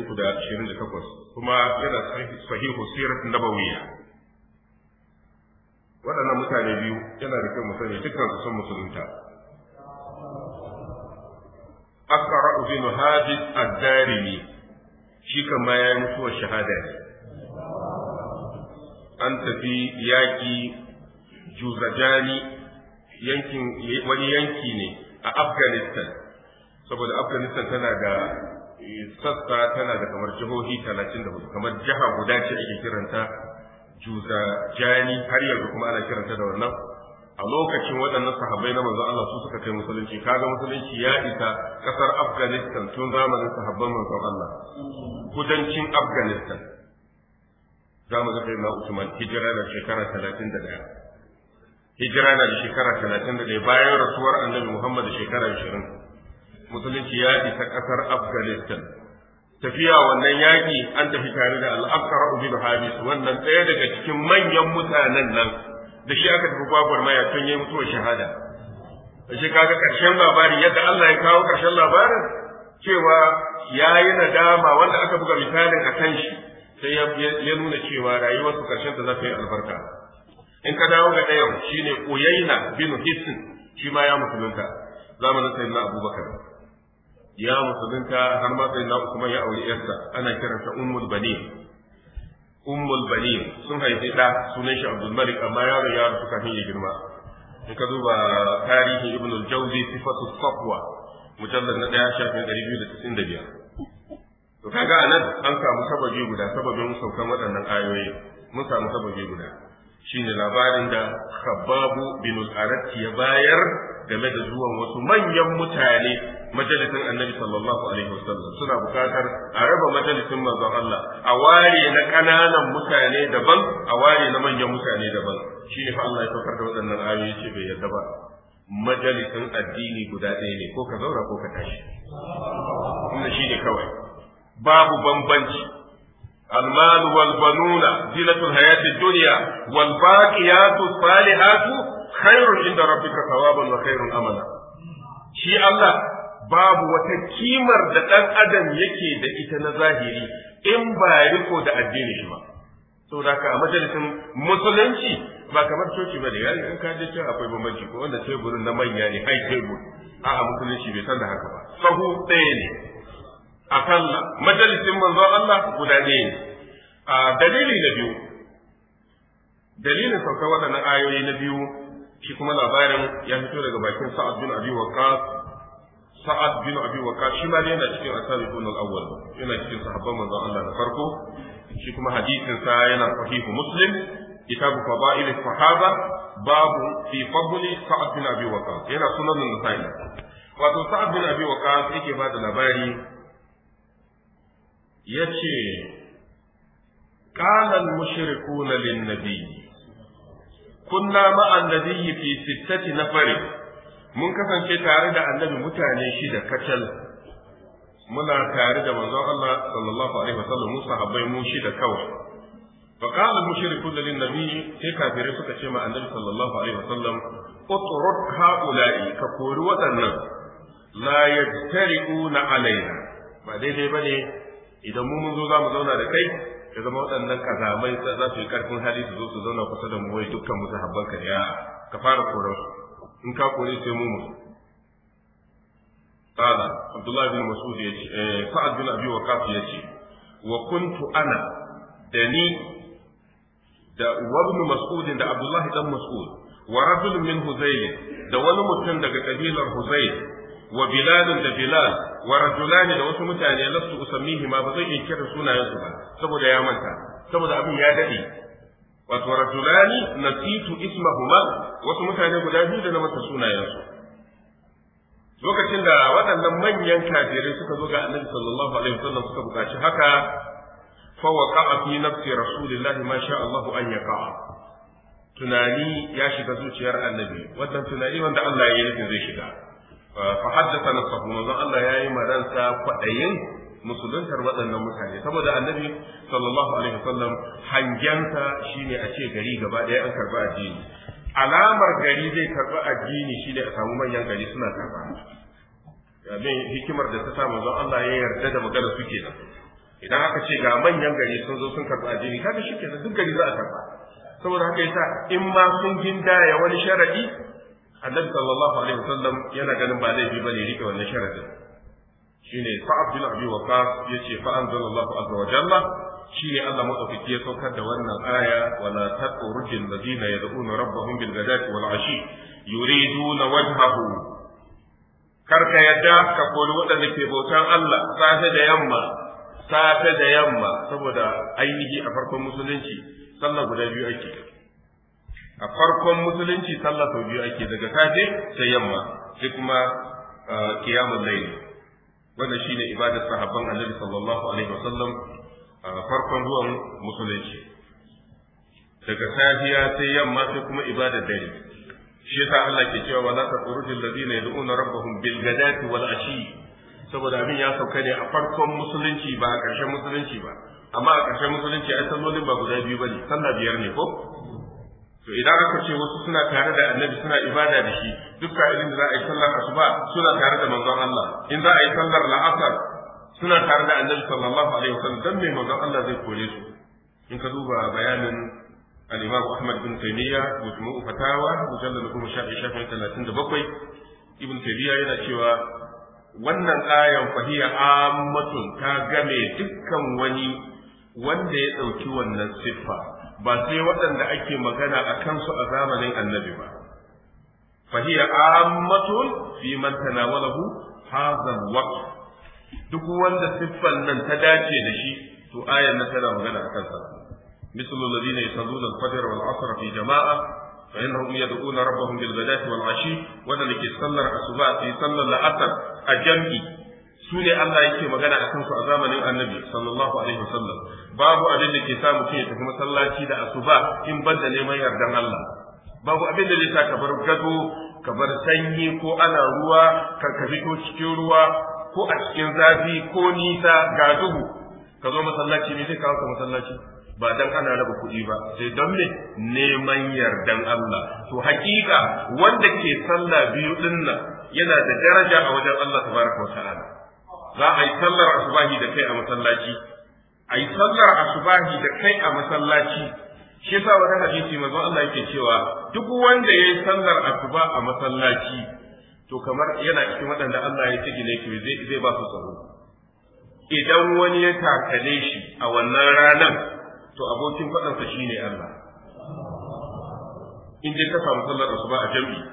3328 kuma yana sahihu sirat nabawiyya waɗannan mutane biyu yana da kyau mu sani dukkan su sun musulunta akara bin hadis ad-darimi shi kan ma yi mutuwar shahada ne an tafi yaƙi juzajani yankin wani yanki ne a afghanistan saboda afghanistan tana da sassa tana da kamar jihohi talatin da hudu kamar jiha guda ce ake kiranta juza jani har yanzu kuma ana kiranta da wannan a lokacin waɗannan sahabbai na manzon Allah su suka kai musulunci kaga musulunci ya isa ƙasar Afghanistan tun zamanin sahabban manzon Allah kudancin Afghanistan zamanin kai na Usman hijira na shekara 31 hijira na da shekara 31 bayan rasuwar Annabi Muhammad shekara 20 musulunci ya isa ƙasar Afghanistan tafiya wannan yaki an tafi tare da al-aqra da habis wannan ɗaya daga cikin manyan mutanen nan da shi aka tafi gwagwar maya tun yayi mutuwar shahada shi kaga karshen labarin yadda Allah ya kawo karshen labarin cewa yayi nadama wanda aka buga misalin a kan shi sai ya nuna cewa rayuwarsu karshen ta za ta yi albarka in ka dawo ga ɗayan shine Uyayna bin Hisn shi ma ya musulunta zamanin sayyidina Abubakar ya musulunta har ma sai na Usman ya auri yarsa ana kiranta Ummul Banin Ummul Banin sun haifi da sunan shi Abdul Malik amma yaron ya rasu kafin ya girma in ka duba tarihi Ibn al-Jawzi sifatu safwa mujallad na 1 shafin 295 to kaga anan an samu sababi guda sababin saukan waɗannan ayoyi mun samu sababi guda shine labarin da Khabbab bin al-Arat ya bayar game da zuwan wasu manyan mutane majalisin annabi sallallahu alaihi wasallam suna bukatar a raba majalisin manzon Allah a ware na kananan mutane daban a ware na manyan mutane daban shine fa Allah ya saukar da waɗannan ayoyi ce bai yarda ba majalisin addini guda ɗaya ne ko ka zaura ko ka tashi wannan shine kawai babu bambanci المال والبنون زينة الحياة الدنيا والباقيات الصالحات khairun inda rabbika thawaban wa khairun amala shi Allah babu wata kimar da dan adam yake da ita na zahiri in ba riko da addini shi ba saboda a majalisin musulunci ba kamar coci ba da yani in ka je cewa akwai bambanci ko wanda teburin na manya ne high table a'a musulunci bai san da haka ba sahu ɗaya ne a sallah majalisin manzon Allah guda ɗaya ne a dalili na biyu dalilin saukar waɗannan ayoyi na biyu shi kuma labarin ya fito daga bakin sa'ad bin abi waqas sa'ad bin abi waqas shi ma yana cikin asabiqun al-awwal yana cikin sahabban manzon Allah na farko shi kuma hadisin sa yana sahihu muslim kitabu fadail sahaba babu fi fadli sa'ad bin abi waqas yana sunan an-nasa'i wato sa'ad bin abi waqas yake ba da labari yace qala al-mushrikuuna lin-nabiy kunna ma'an nabiyyi fi sittati nafari mun kasance tare da annabi mutane shida kacal muna tare da manzon Allah sallallahu alaihi wasallam mu sahabbai mu shida kawai fa qala mushriku lin nabiy sai kafirai suka ce ma annabi sallallahu alaihi wasallam utrud haula'i ka kori waɗannan la na alaina ba daidai bane idan mu mun zo za mu zauna da kai ya zama waɗannan kazamai za su yi ƙarfin hali su zo su zauna kusa da mu wai dukkan mu sahabban ka ya ka fara koran in ka kore sai mu mu قال عبد الله بن مسعود سعد بن ابي ya ce wa kuntu ana da ni da wabnu mas'udin da abdullahi dan mas'ud wa rajulun min huzayl da wani mutum daga kabilar huzayl wa bilal da bilal wa rajulani da wasu mutane lasu usammihi ma ba zai iya kira sunayensu ba saboda ya manta saboda abin ya dade wato rajulani nasitu ismahuma wasu mutane guda biyu da na masa sunayensu lokacin da waɗannan manyan kafirai suka zo ga annabi sallallahu alaihi wasallam suka buƙaci haka fa waqa'a fi nafsi rasulillahi ma sha Allahu an yaqa'a tunani ya shiga zuciyar annabi wannan tunani wanda Allah ya yi zai shiga fa haddatha nafsahu manzon Allah ya yi maransa kwaɗayin musuluntar waɗannan mutane saboda annabi sallallahu alaihi wasallam hangensa shine a ce gari gaba ɗaya an karɓi addini alamar gari zai karɓi addini shine a samu manyan gari suna karɓa abin hikimar da ta sa manzon Allah ya yarda da magana suke kenan idan aka ce ga manyan gari sun zo sun karɓi addini kaga shi kenan duk gari za a karɓa saboda haka yasa in ma sun gindaya wani sharadi annabi sallallahu alaihi wasallam yana ganin ba laifi bane rike wannan sharadin shine sa'ad bin abi waqas yace fa anzalallahu azza wa jalla shi ne Allah madaukaki ya saukar da wannan aya wala taqrujul ladina yad'una rabbahum bil ghadati wal ashi yuriduna wajhahu karka yadda ka koli waɗanda ke bautan Allah safe da yamma safe da yamma saboda ainihi a farkon musulunci sallah guda biyu ake a farkon musulunci sallah sau biyu ake daga safe sai yamma sai kuma kiyamun uh, layli wannan shine ibadar sahabban annabi sallallahu alaihi wasallam a farkon zuwan musulunci daga safiya sai yamma sai kuma ibadar dare shi yasa Allah ke cewa wala taqrudu alladhina yad'una rabbahum bil ghadati wal ashi saboda abin ya sauka ne a farkon musulunci ba a ƙarshen musulunci ba amma a ƙarshen musulunci ai sallolin ba guda biyu bane sallah biyar ne ko to idan aka ce wasu suna tare da annabi suna ibada da shi duk ka'idin da za a yi sallar asuba suna tare da manzon Allah in za a yi sallar la'asar suna tare da annabi sallallahu alaihi wasallam dan me manzon Allah zai kore su in ka duba bayanin al-Imam Ahmad bin Taymiyyah mujmu'u fatawa mujallal 10 shafin 37 Ibn Taymiyyah yana cewa wannan ayan fahiya ammatun ta game dukkan wani wanda ya dauki wannan siffa ba sai waɗanda ake magana a kansu a zamanin annabi ba fahiya ammatun fi man tanawalahu hadha alwaqt duk wanda siffan nan ta dace da shi to ayan nan tana magana a kansa مثل الذين يصلون الفجر والعصر في جماعة فإنهم يدعون ربهم بالغداة والعشي وذلك صلى الصباح في صلى العصر أجمعي su ne Allah yake magana a kansu a zamanin annabi sallallahu alaihi wasallam babu abin da ke sa mutum ya tafi masallaci da asuba in ban da neman yardan Allah babu abin da zai sa ka bar gado ka bar sanyi ko ana ruwa ka ka fito cikin ruwa ko a cikin zafi ko nisa ga duhu ka zo masallaci ne zai kawo ka masallaci ba dan ana raba kuɗi ba sai don me neman yardan Allah to hakika wanda ke sallah biyu dinnan yana da daraja a wajen Allah tabaraka wa ta'ala za a yi sallar asubahi da kai a masallaci a yi sallar asubahi da kai a masallaci shi yasa wata hadisi manzon Allah yake cewa duk wanda yayi sallar asuba a masallaci to kamar yana cikin waɗanda Allah ya tigi ne ki zai zai ba su tsaro idan wani ya takale shi a wannan ranar to abokin faɗansa shine Allah in dai ka samu sallar asuba a jami'i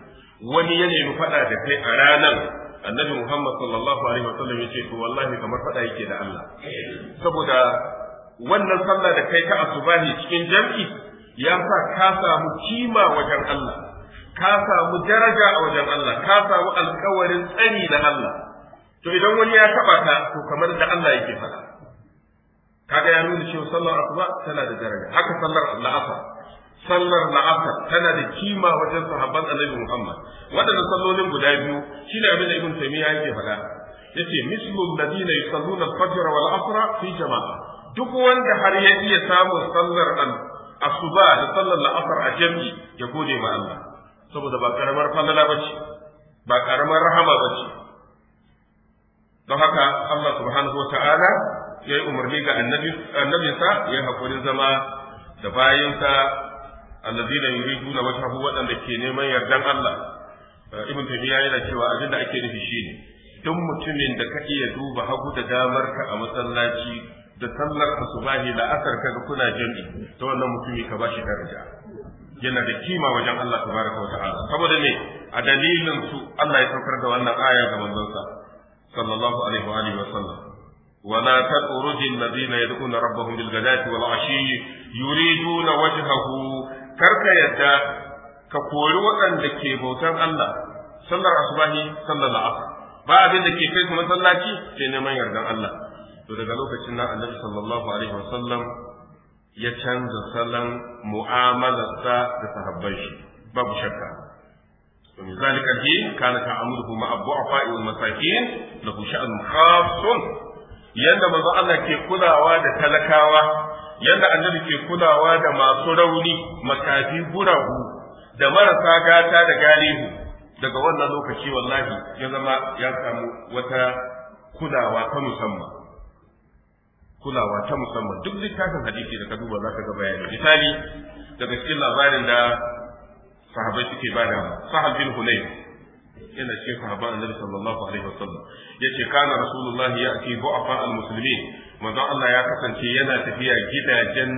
wani ya nemi faɗa da kai a ranar annabi Muhammad sallallahu alaihi wasallam yace to wallahi kamar fada yake da Allah saboda wannan sallah da kai ta asubahi cikin jam'i ya sa ka samu kima wajen Allah ka samu daraja a wajen Allah ka samu alkawarin tsari na Allah to idan wani ya taba ta, to kamar da Allah yake fada kaga ya nuna cewa sallar asuba tana da daraja haka sallar la'asar sallar la'asar tana da kima wajen sahabban annabi Muhammad waɗannan sallolin guda biyu shine abin da Ibn Taymiyyah yake faɗa yace mislul ladina yusalluna al-fajr wal asr fi jama'a duk wanda har ya iya samun sallar asuba da sallar la'asar a jami'i ya gode ma Allah saboda ba karamar falala bace ba karamar rahama bace don haka Allah subhanahu wa ta'ala ya yi umarni ga annabinsa ya haƙurin zama da bayansa alladina yuriduna wajhahu waɗanda ke neman yardan Allah eh, ibn tabiya yana cewa abin da ake nufi shine duk mutumin da ka iya duba hagu da damar ka a masallaci da sallar asubahi da asar ka ga kuna jami'i to wannan mutumi ka bashi daraja yana da kima wajen Allah tabaraka wa ta'ala saboda me a dalilin su Allah ya saukar da wannan aya ga manzonsa sallallahu alaihi wa alihi wa sallam ولا تطرد الذين يدعون ربهم بالغداة والعشي يريدون وجهه karka yadda ka kori waɗanda ke bautan Allah sallar asubahi sallar la'asar ba abin da ke kai su masallaci sai neman yardan Allah to daga lokacin nan annabi sallallahu alaihi wasallam ya canza salon mu'amalarsa da sahabban shi babu shakka ومن ذلك الدين كان تعامله مع الضعفاء والمساكين له sha'an خاص yadda manzo Allah ke kulawa da talakawa yadda annabi ke kulawa da masu rauni makafi guragu da marasa gata da galihu daga wannan lokaci wallahi ya zama ya samu wata kulawa ta musamman kulawa ta musamman duk littafin hadisi da ka duba za ka ga bayani misali daga cikin labarin da sahabai suke bada sahab bin hunayf yana ce sahaban annabi sallallahu alaihi wasallam yace kana rasulullahi ya'ti du'afa al-muslimin manzon Allah ya kasance yana tafiya gidajen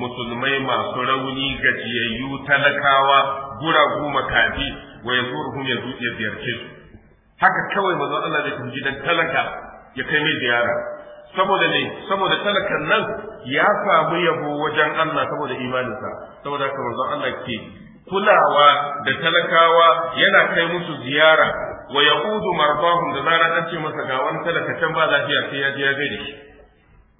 musulmai masu rauni gajiyayyu talakawa guragu makafi wa ya zuru ya ziyarce su haka kawai manzo Allah zai tafi gidan talaka ya kai mai ziyara saboda ne saboda talakan nan ya samu yabo wajen Allah saboda imaninsa saboda haka manzo Allah ke kulawa da talakawa yana kai musu ziyara wa Yahudu marbahum da zarar an ce masa ga wani talaka can ba lafiya sai ya je ya gaida shi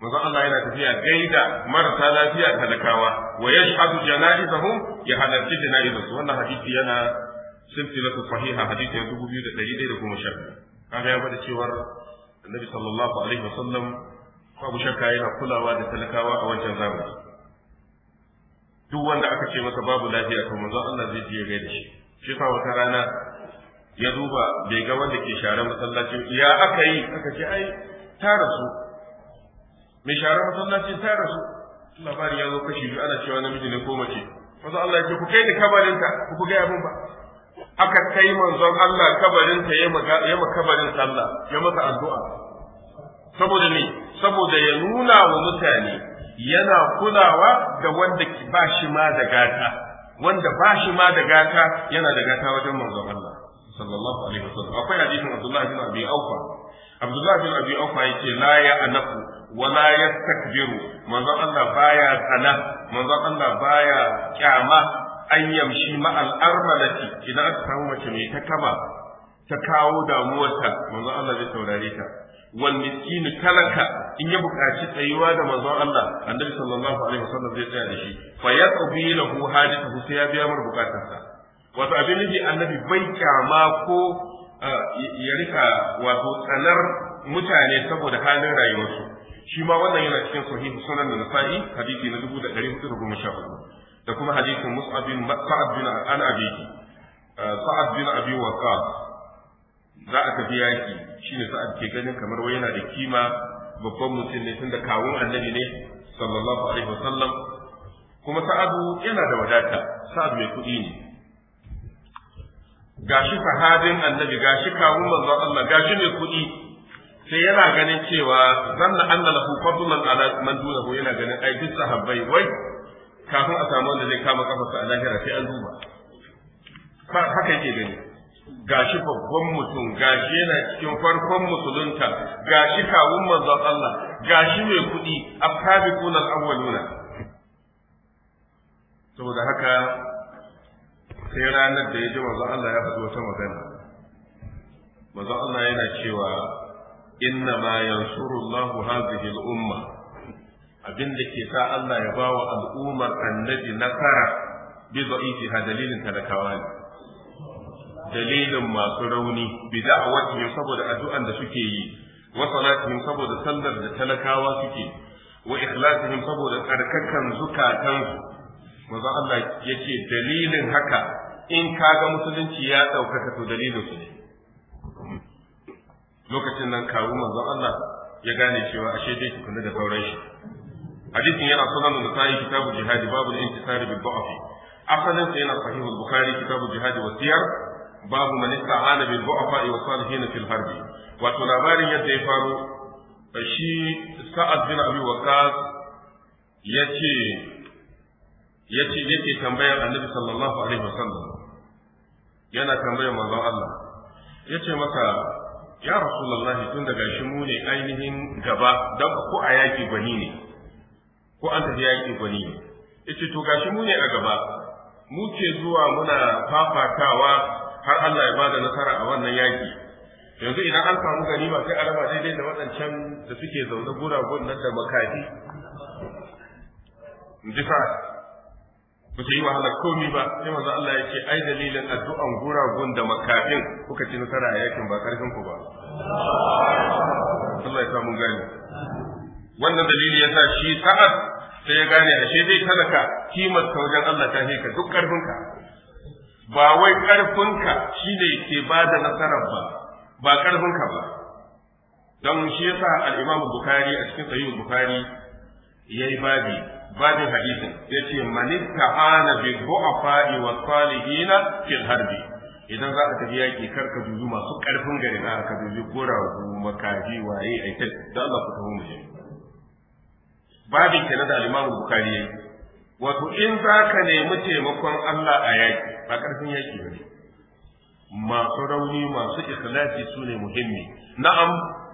manzon Allah yana tafiya gaida marasa lafiya talakawa wa yashhadu janaizahum ya halarci janaizahum wannan hadisi yana silsilatu sahiha hadisi ya dubu biyu da ɗari ɗaya da kaga ya bada cewar annabi sallallahu alaihi wasallam babu shakka yana kulawa da talakawa a wancan zamani duk wanda aka ce masa babu lafiya to manzon Allah zai je gaida shi shi fa wata rana ya duba bai ga wanda ke share masallaci ya aka yi aka ce ai ta rasu mai sharar masallacin ta su labari ya zo kashi biyu ana cewa namiji ne ko mace Wanzu Allah ya ce ku kai ni kabarinta ku ku gaya min ba aka kai manzon Allah kabarinta ya ma kabarin sallah ya masa addu'a saboda ne saboda ya nuna wa mutane yana kulawa da wanda ba shi ma da gata wanda ba shi ma da gata yana da gata wajen manzon Allah sallallahu alaihi wasallam akwai hadisin Abdullah bin Abi Awfa Abdullah bin Abi Awfa yake la ya anaku wala yastakbiru manzon Allah baya tsana manzon Allah baya kyama an yamshi ma'al armalati idan aka samu mace mai ta kama ta kawo damuwata, manzon Allah zai saurare ta wal miskin talaka in ya buƙaci tsayuwa da manzon Allah annabi sallallahu alaihi wasallam zai tsaya da shi fa yaqbi lahu hajatuhu sai ya biya mar bukatarsa wato abin nufi annabi ban kyama ko eh, ya rika wato tsanar mutane saboda halin rayuwarsu shi ma wannan yana cikin sahihu sunan da nasa'i hadisi na dubu da ɗari da kuma hadisin mus'ab bin sa'ad bin an abiki uh, sa'ad bin abi waqas za a tafi yaki ne sa'ad ke ganin kamar wai yana da kima babban mutum ne tunda kawun annabi ne sallallahu alaihi wasallam kuma sa'adu yana da wadata sa'ad mai kuɗi ne gashi sahabin annabi gashi kawun manzon Allah gashi mai kuɗi sai yana ganin cewa zanna anna lahu fadlan ala man dunahu yana ganin ai duk sahabbai wai kafin a samu wanda zai kama kafarsa a lahira sai an duba haka yake gani gashi babban mutum gashi yana cikin farkon musulunta gashi kawun manzon Allah gashi mai kuɗi asabiqun al-awwaluna saboda haka sai ranar da ya ji manzon Allah ya faɗi wata magana manzon Allah yana cewa inna ma yansurullahu hadhihi al abin da ke sa Allah ya bawa al'ummar annabi nasara bi da'ifiha dalilin talakawa ne dalilin masu rauni bi da'awatihim saboda addu'an da suke yi wa salatihim saboda sallar da talakawa suke wa ikhlasihim saboda tsarkakan zukatansu manzo Allah dalilin haka in ga musulunci ya ɗaukaka su lokacin nan kawo manzon Allah ya gane cewa ashe dai ki kula da sauran shi hadisin yana sunan nasa'i kitabu jihadi babu intisari bil da'fi asalin sa yana sahih al-bukhari kitabu jihadi wa siyar babu man ista'ana bil du'afa wa salihin fil harbi wato labarin yadda ya faru shi sa'ad bin abi waqas yace yace yake tambayar annabi sallallahu alaihi wasallam yana tambayar manzon Allah yace masa. ya rasulullahi tun da shi mu ne ainihin gaba don ko a yaƙi gwani ne ko an tafi yaƙi gwani ne yace to gashi mu ne a gaba mu ke zuwa muna fafatawa har Allah ya bada nasara a wannan yaƙi yanzu idan an samu gani sai a raba daidai da waɗancan da suke zaune guragun nan da makafi in ba ta yi wahalar komi ba sai maza Allah ya ce ai dalilin addu'an guragun da makafin kuka ci nasara a yakin ba ƙarfinku ku ba Allah ya sa mun gane wannan dalili ya sa shi sa'ad sai ya gane ashe zai talaka kimar ta wajen Allah ta heka duk ƙarfinka ba wai ƙarfinka shi ne ke ba da nasarar ba ba ƙarfinka ba don shi yasa sa imam Bukhari a cikin Sahih Bukhari yi babi babin hadisin yace manitta ana bi du'afa wa salihina fil harbi idan za a tafi yaƙi, kar ka dubi masu ƙarfin gari na ka dubi goragu makaji waye ai ta da Allah ku tafi mu je kenan da al-Imam yayi wato in za ka nemi taimakon Allah a yaƙi, ba karfin yaki bane masu rauni masu ikhlasi su ne muhimmi na'am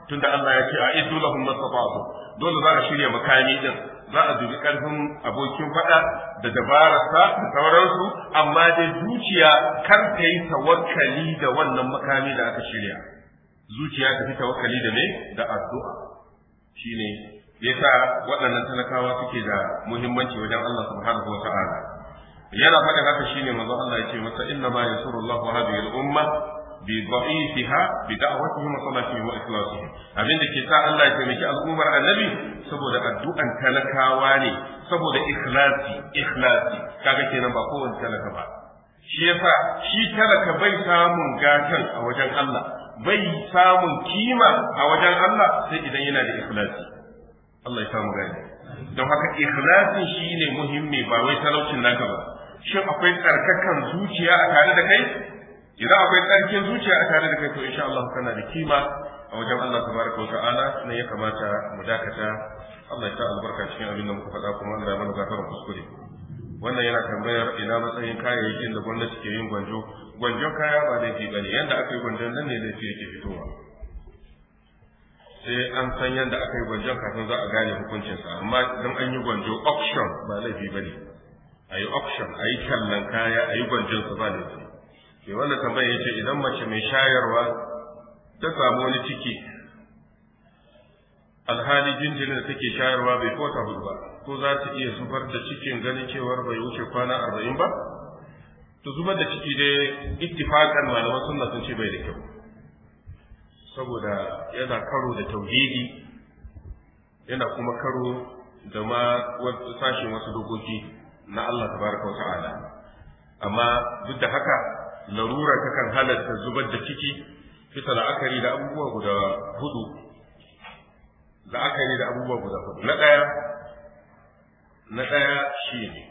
tunda Allah ya ce a idu lahum mastata'tu dole za ka shirya makami din za a dubi karfin abokin faɗa da dabararsa da sauransu amma dai zuciya kar ta yi tawakkali da wannan makami da aka shirya zuciya ta fi tawakkali da me da addu'a shine yasa waɗannan talakawa suke da muhimmanci wajen Allah subhanahu wa ta'ala yana faɗin haka shine manzo Allah ya ce masa inna ma yasurullahu hadhihi al-umma bi dha'ifiha bi da'watihim wa salatihim wa ikhlasihim abin da ke sa Allah ya taimaki al'ummar annabi saboda addu'an talakawa ne saboda ikhlasi ikhlasi kaga kenan ba kowanne talaka ba shi yasa shi talaka bai samun gatan a wajen Allah bai samun kima a wajen Allah sai idan yana da ikhlasi Allah ya samu gani don haka shi ne muhimmi ba wai talaucin naka ba shin akwai tsarkakan zuciya a tare da kai idan akwai tsarkin zuciya a tare da kai to insha Allah kana da kima a wajen Allah tabaraka wa ta'ala ne ya kamata mu dakata Allah ya sa albarka cikin abin da muka faɗa kuma Allah ya mana gafara kuskure wannan yana tambayar ina matsayin kayayyakin da gwamnati ke yin gwanjo gwanjon kaya ba laifi ba ne Yanda aka yi gwanjon nan ne laifi yake fitowa sai an san yanda aka yi gwanjon kafin za a gane hukuncinsa amma idan an yi gwanjo option ba laifi ba ne a yi auction a yi kyallan kaya a yi gwanjon su ba laifi ke wanda tambayar ya ce idan mace mai shayarwa ta samu wani ciki alhali jinjirin da take shayarwa bai kota hudu ba ko za ta iya zubar da cikin ganin cewar bai wuce kwana arba'in ba ta zubar da ciki dai ittifakan malaman sunna sun ce bai da kyau saboda yana karo da tauhidi yana kuma karo da ma sashin wasu dokoki na Allah tabaraka wa ta'ala amma duk da haka larura ta kan halatta zubar da ciki bisa la'akari da abubuwa guda hudu la'akari da abubuwa guda hudu na ɗaya na ɗaya shi ne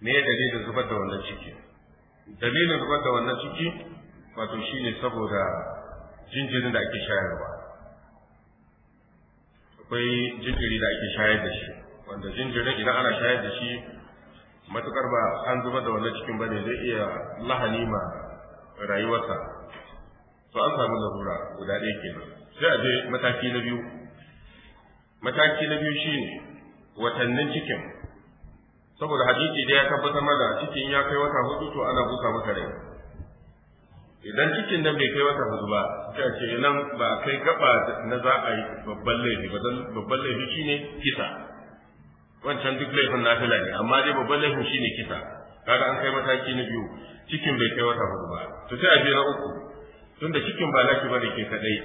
me dalilin zubar da wannan ciki dalilin zubar da wannan ciki wato shi ne saboda jinjirin da ake shayarwa akwai jinjiri da ake shayar da shi wanda jinjirin idan ana shayar da shi matukar ba an zuba da wannan cikin bane zai iya lahani ma rayuwarsa to an samu larura guda ɗaya kenan sai a je mataki na biyu mataki na biyu shine watannin cikin saboda hadisi da ya tabbatar mana cikin ya kai wata hudu to ana busa masa rai idan cikin nan bai kai wata hudu ba sai ce nan ba kai gaba na za a yi babban laifi babban laifi shine kisa wancan duk laifin nafila ne amma dai babban laifin shine kisa kaga an kai mataki na biyu cikin bai kai wata hudu ba to sai a na uku tunda cikin ba laki bane ke kadai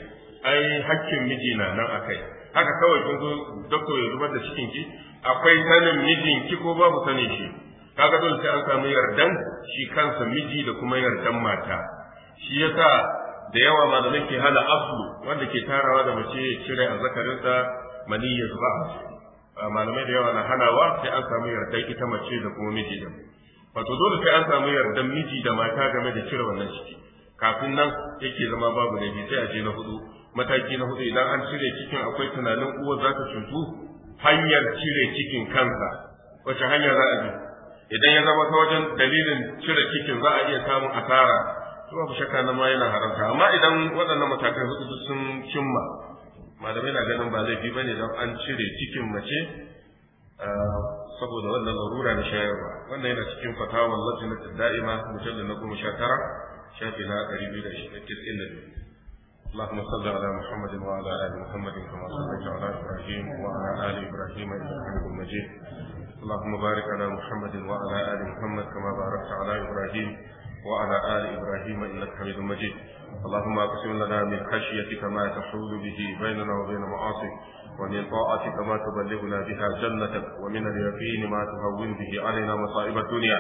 ai hakkin miji na nan akai haka kawai kun zo dokto ya zubar da cikin ki akwai sanin mijin ki ko babu sanin shi kaga dole sai an samu yardan shi kansa miji da kuma yardan mata shi yasa da yawa ma da nake hana aflu wanda ke tarawa da mace cire azzakarinsa maniyya ba. malamai da yawa na hanawa sai an samu yarda ita mace da kuma miji da wato dole sai an samu yardar miji da mata game da cire wannan ciki kafin nan yake zama babu laifi sai a je na hudu mataki na hudu idan an cire cikin akwai tunanin uwar za ta cutu hanyar cire cikin kansa wace hanyar za a bi idan ya zama ta wajen dalilin cire cikin za a iya samun asara to babu shakka na ma yana haramta amma idan waɗannan matakai hudu sun cimma malamai na ganin ba laifi bane don an cire cikin mace ah, saboda wannan larura na shayarwa wannan yana cikin fatawar lajinatul da'ima mujallal na goma sha tara shafi na ɗari biyu da ishirin da biyu اللهم صل على محمد وعلى ال محمد كما صليت على ابراهيم وعلى ال ابراهيم انك حميد مجيد اللهم بارك على محمد وعلى ال محمد كما باركت على ابراهيم وعلى آل إبراهيم إنك حميد مجيد اللهم اقسم لنا من خشيتك ما تحول به بيننا وبين معاصيك ومن طاعتك ما تبلغنا بها جنتك ومن اليقين ما تهون به علينا مصائب الدنيا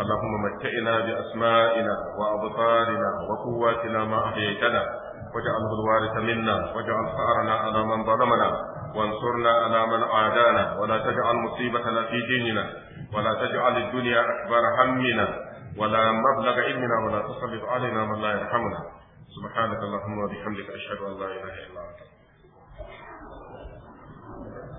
اللهم متئنا بأسمائنا وأبطالنا وقواتنا ما أحييتنا واجعله الوارث منا واجعل ثأرنا على من ظلمنا وانصرنا على من عادانا ولا تجعل مصيبتنا في ديننا ولا تجعل الدنيا أكبر همنا ولا مبلغ علمنا ولا تسلط علينا من لا يرحمنا سبحانك اللهم وبحمدك أشهد أن لا إله إلا أنت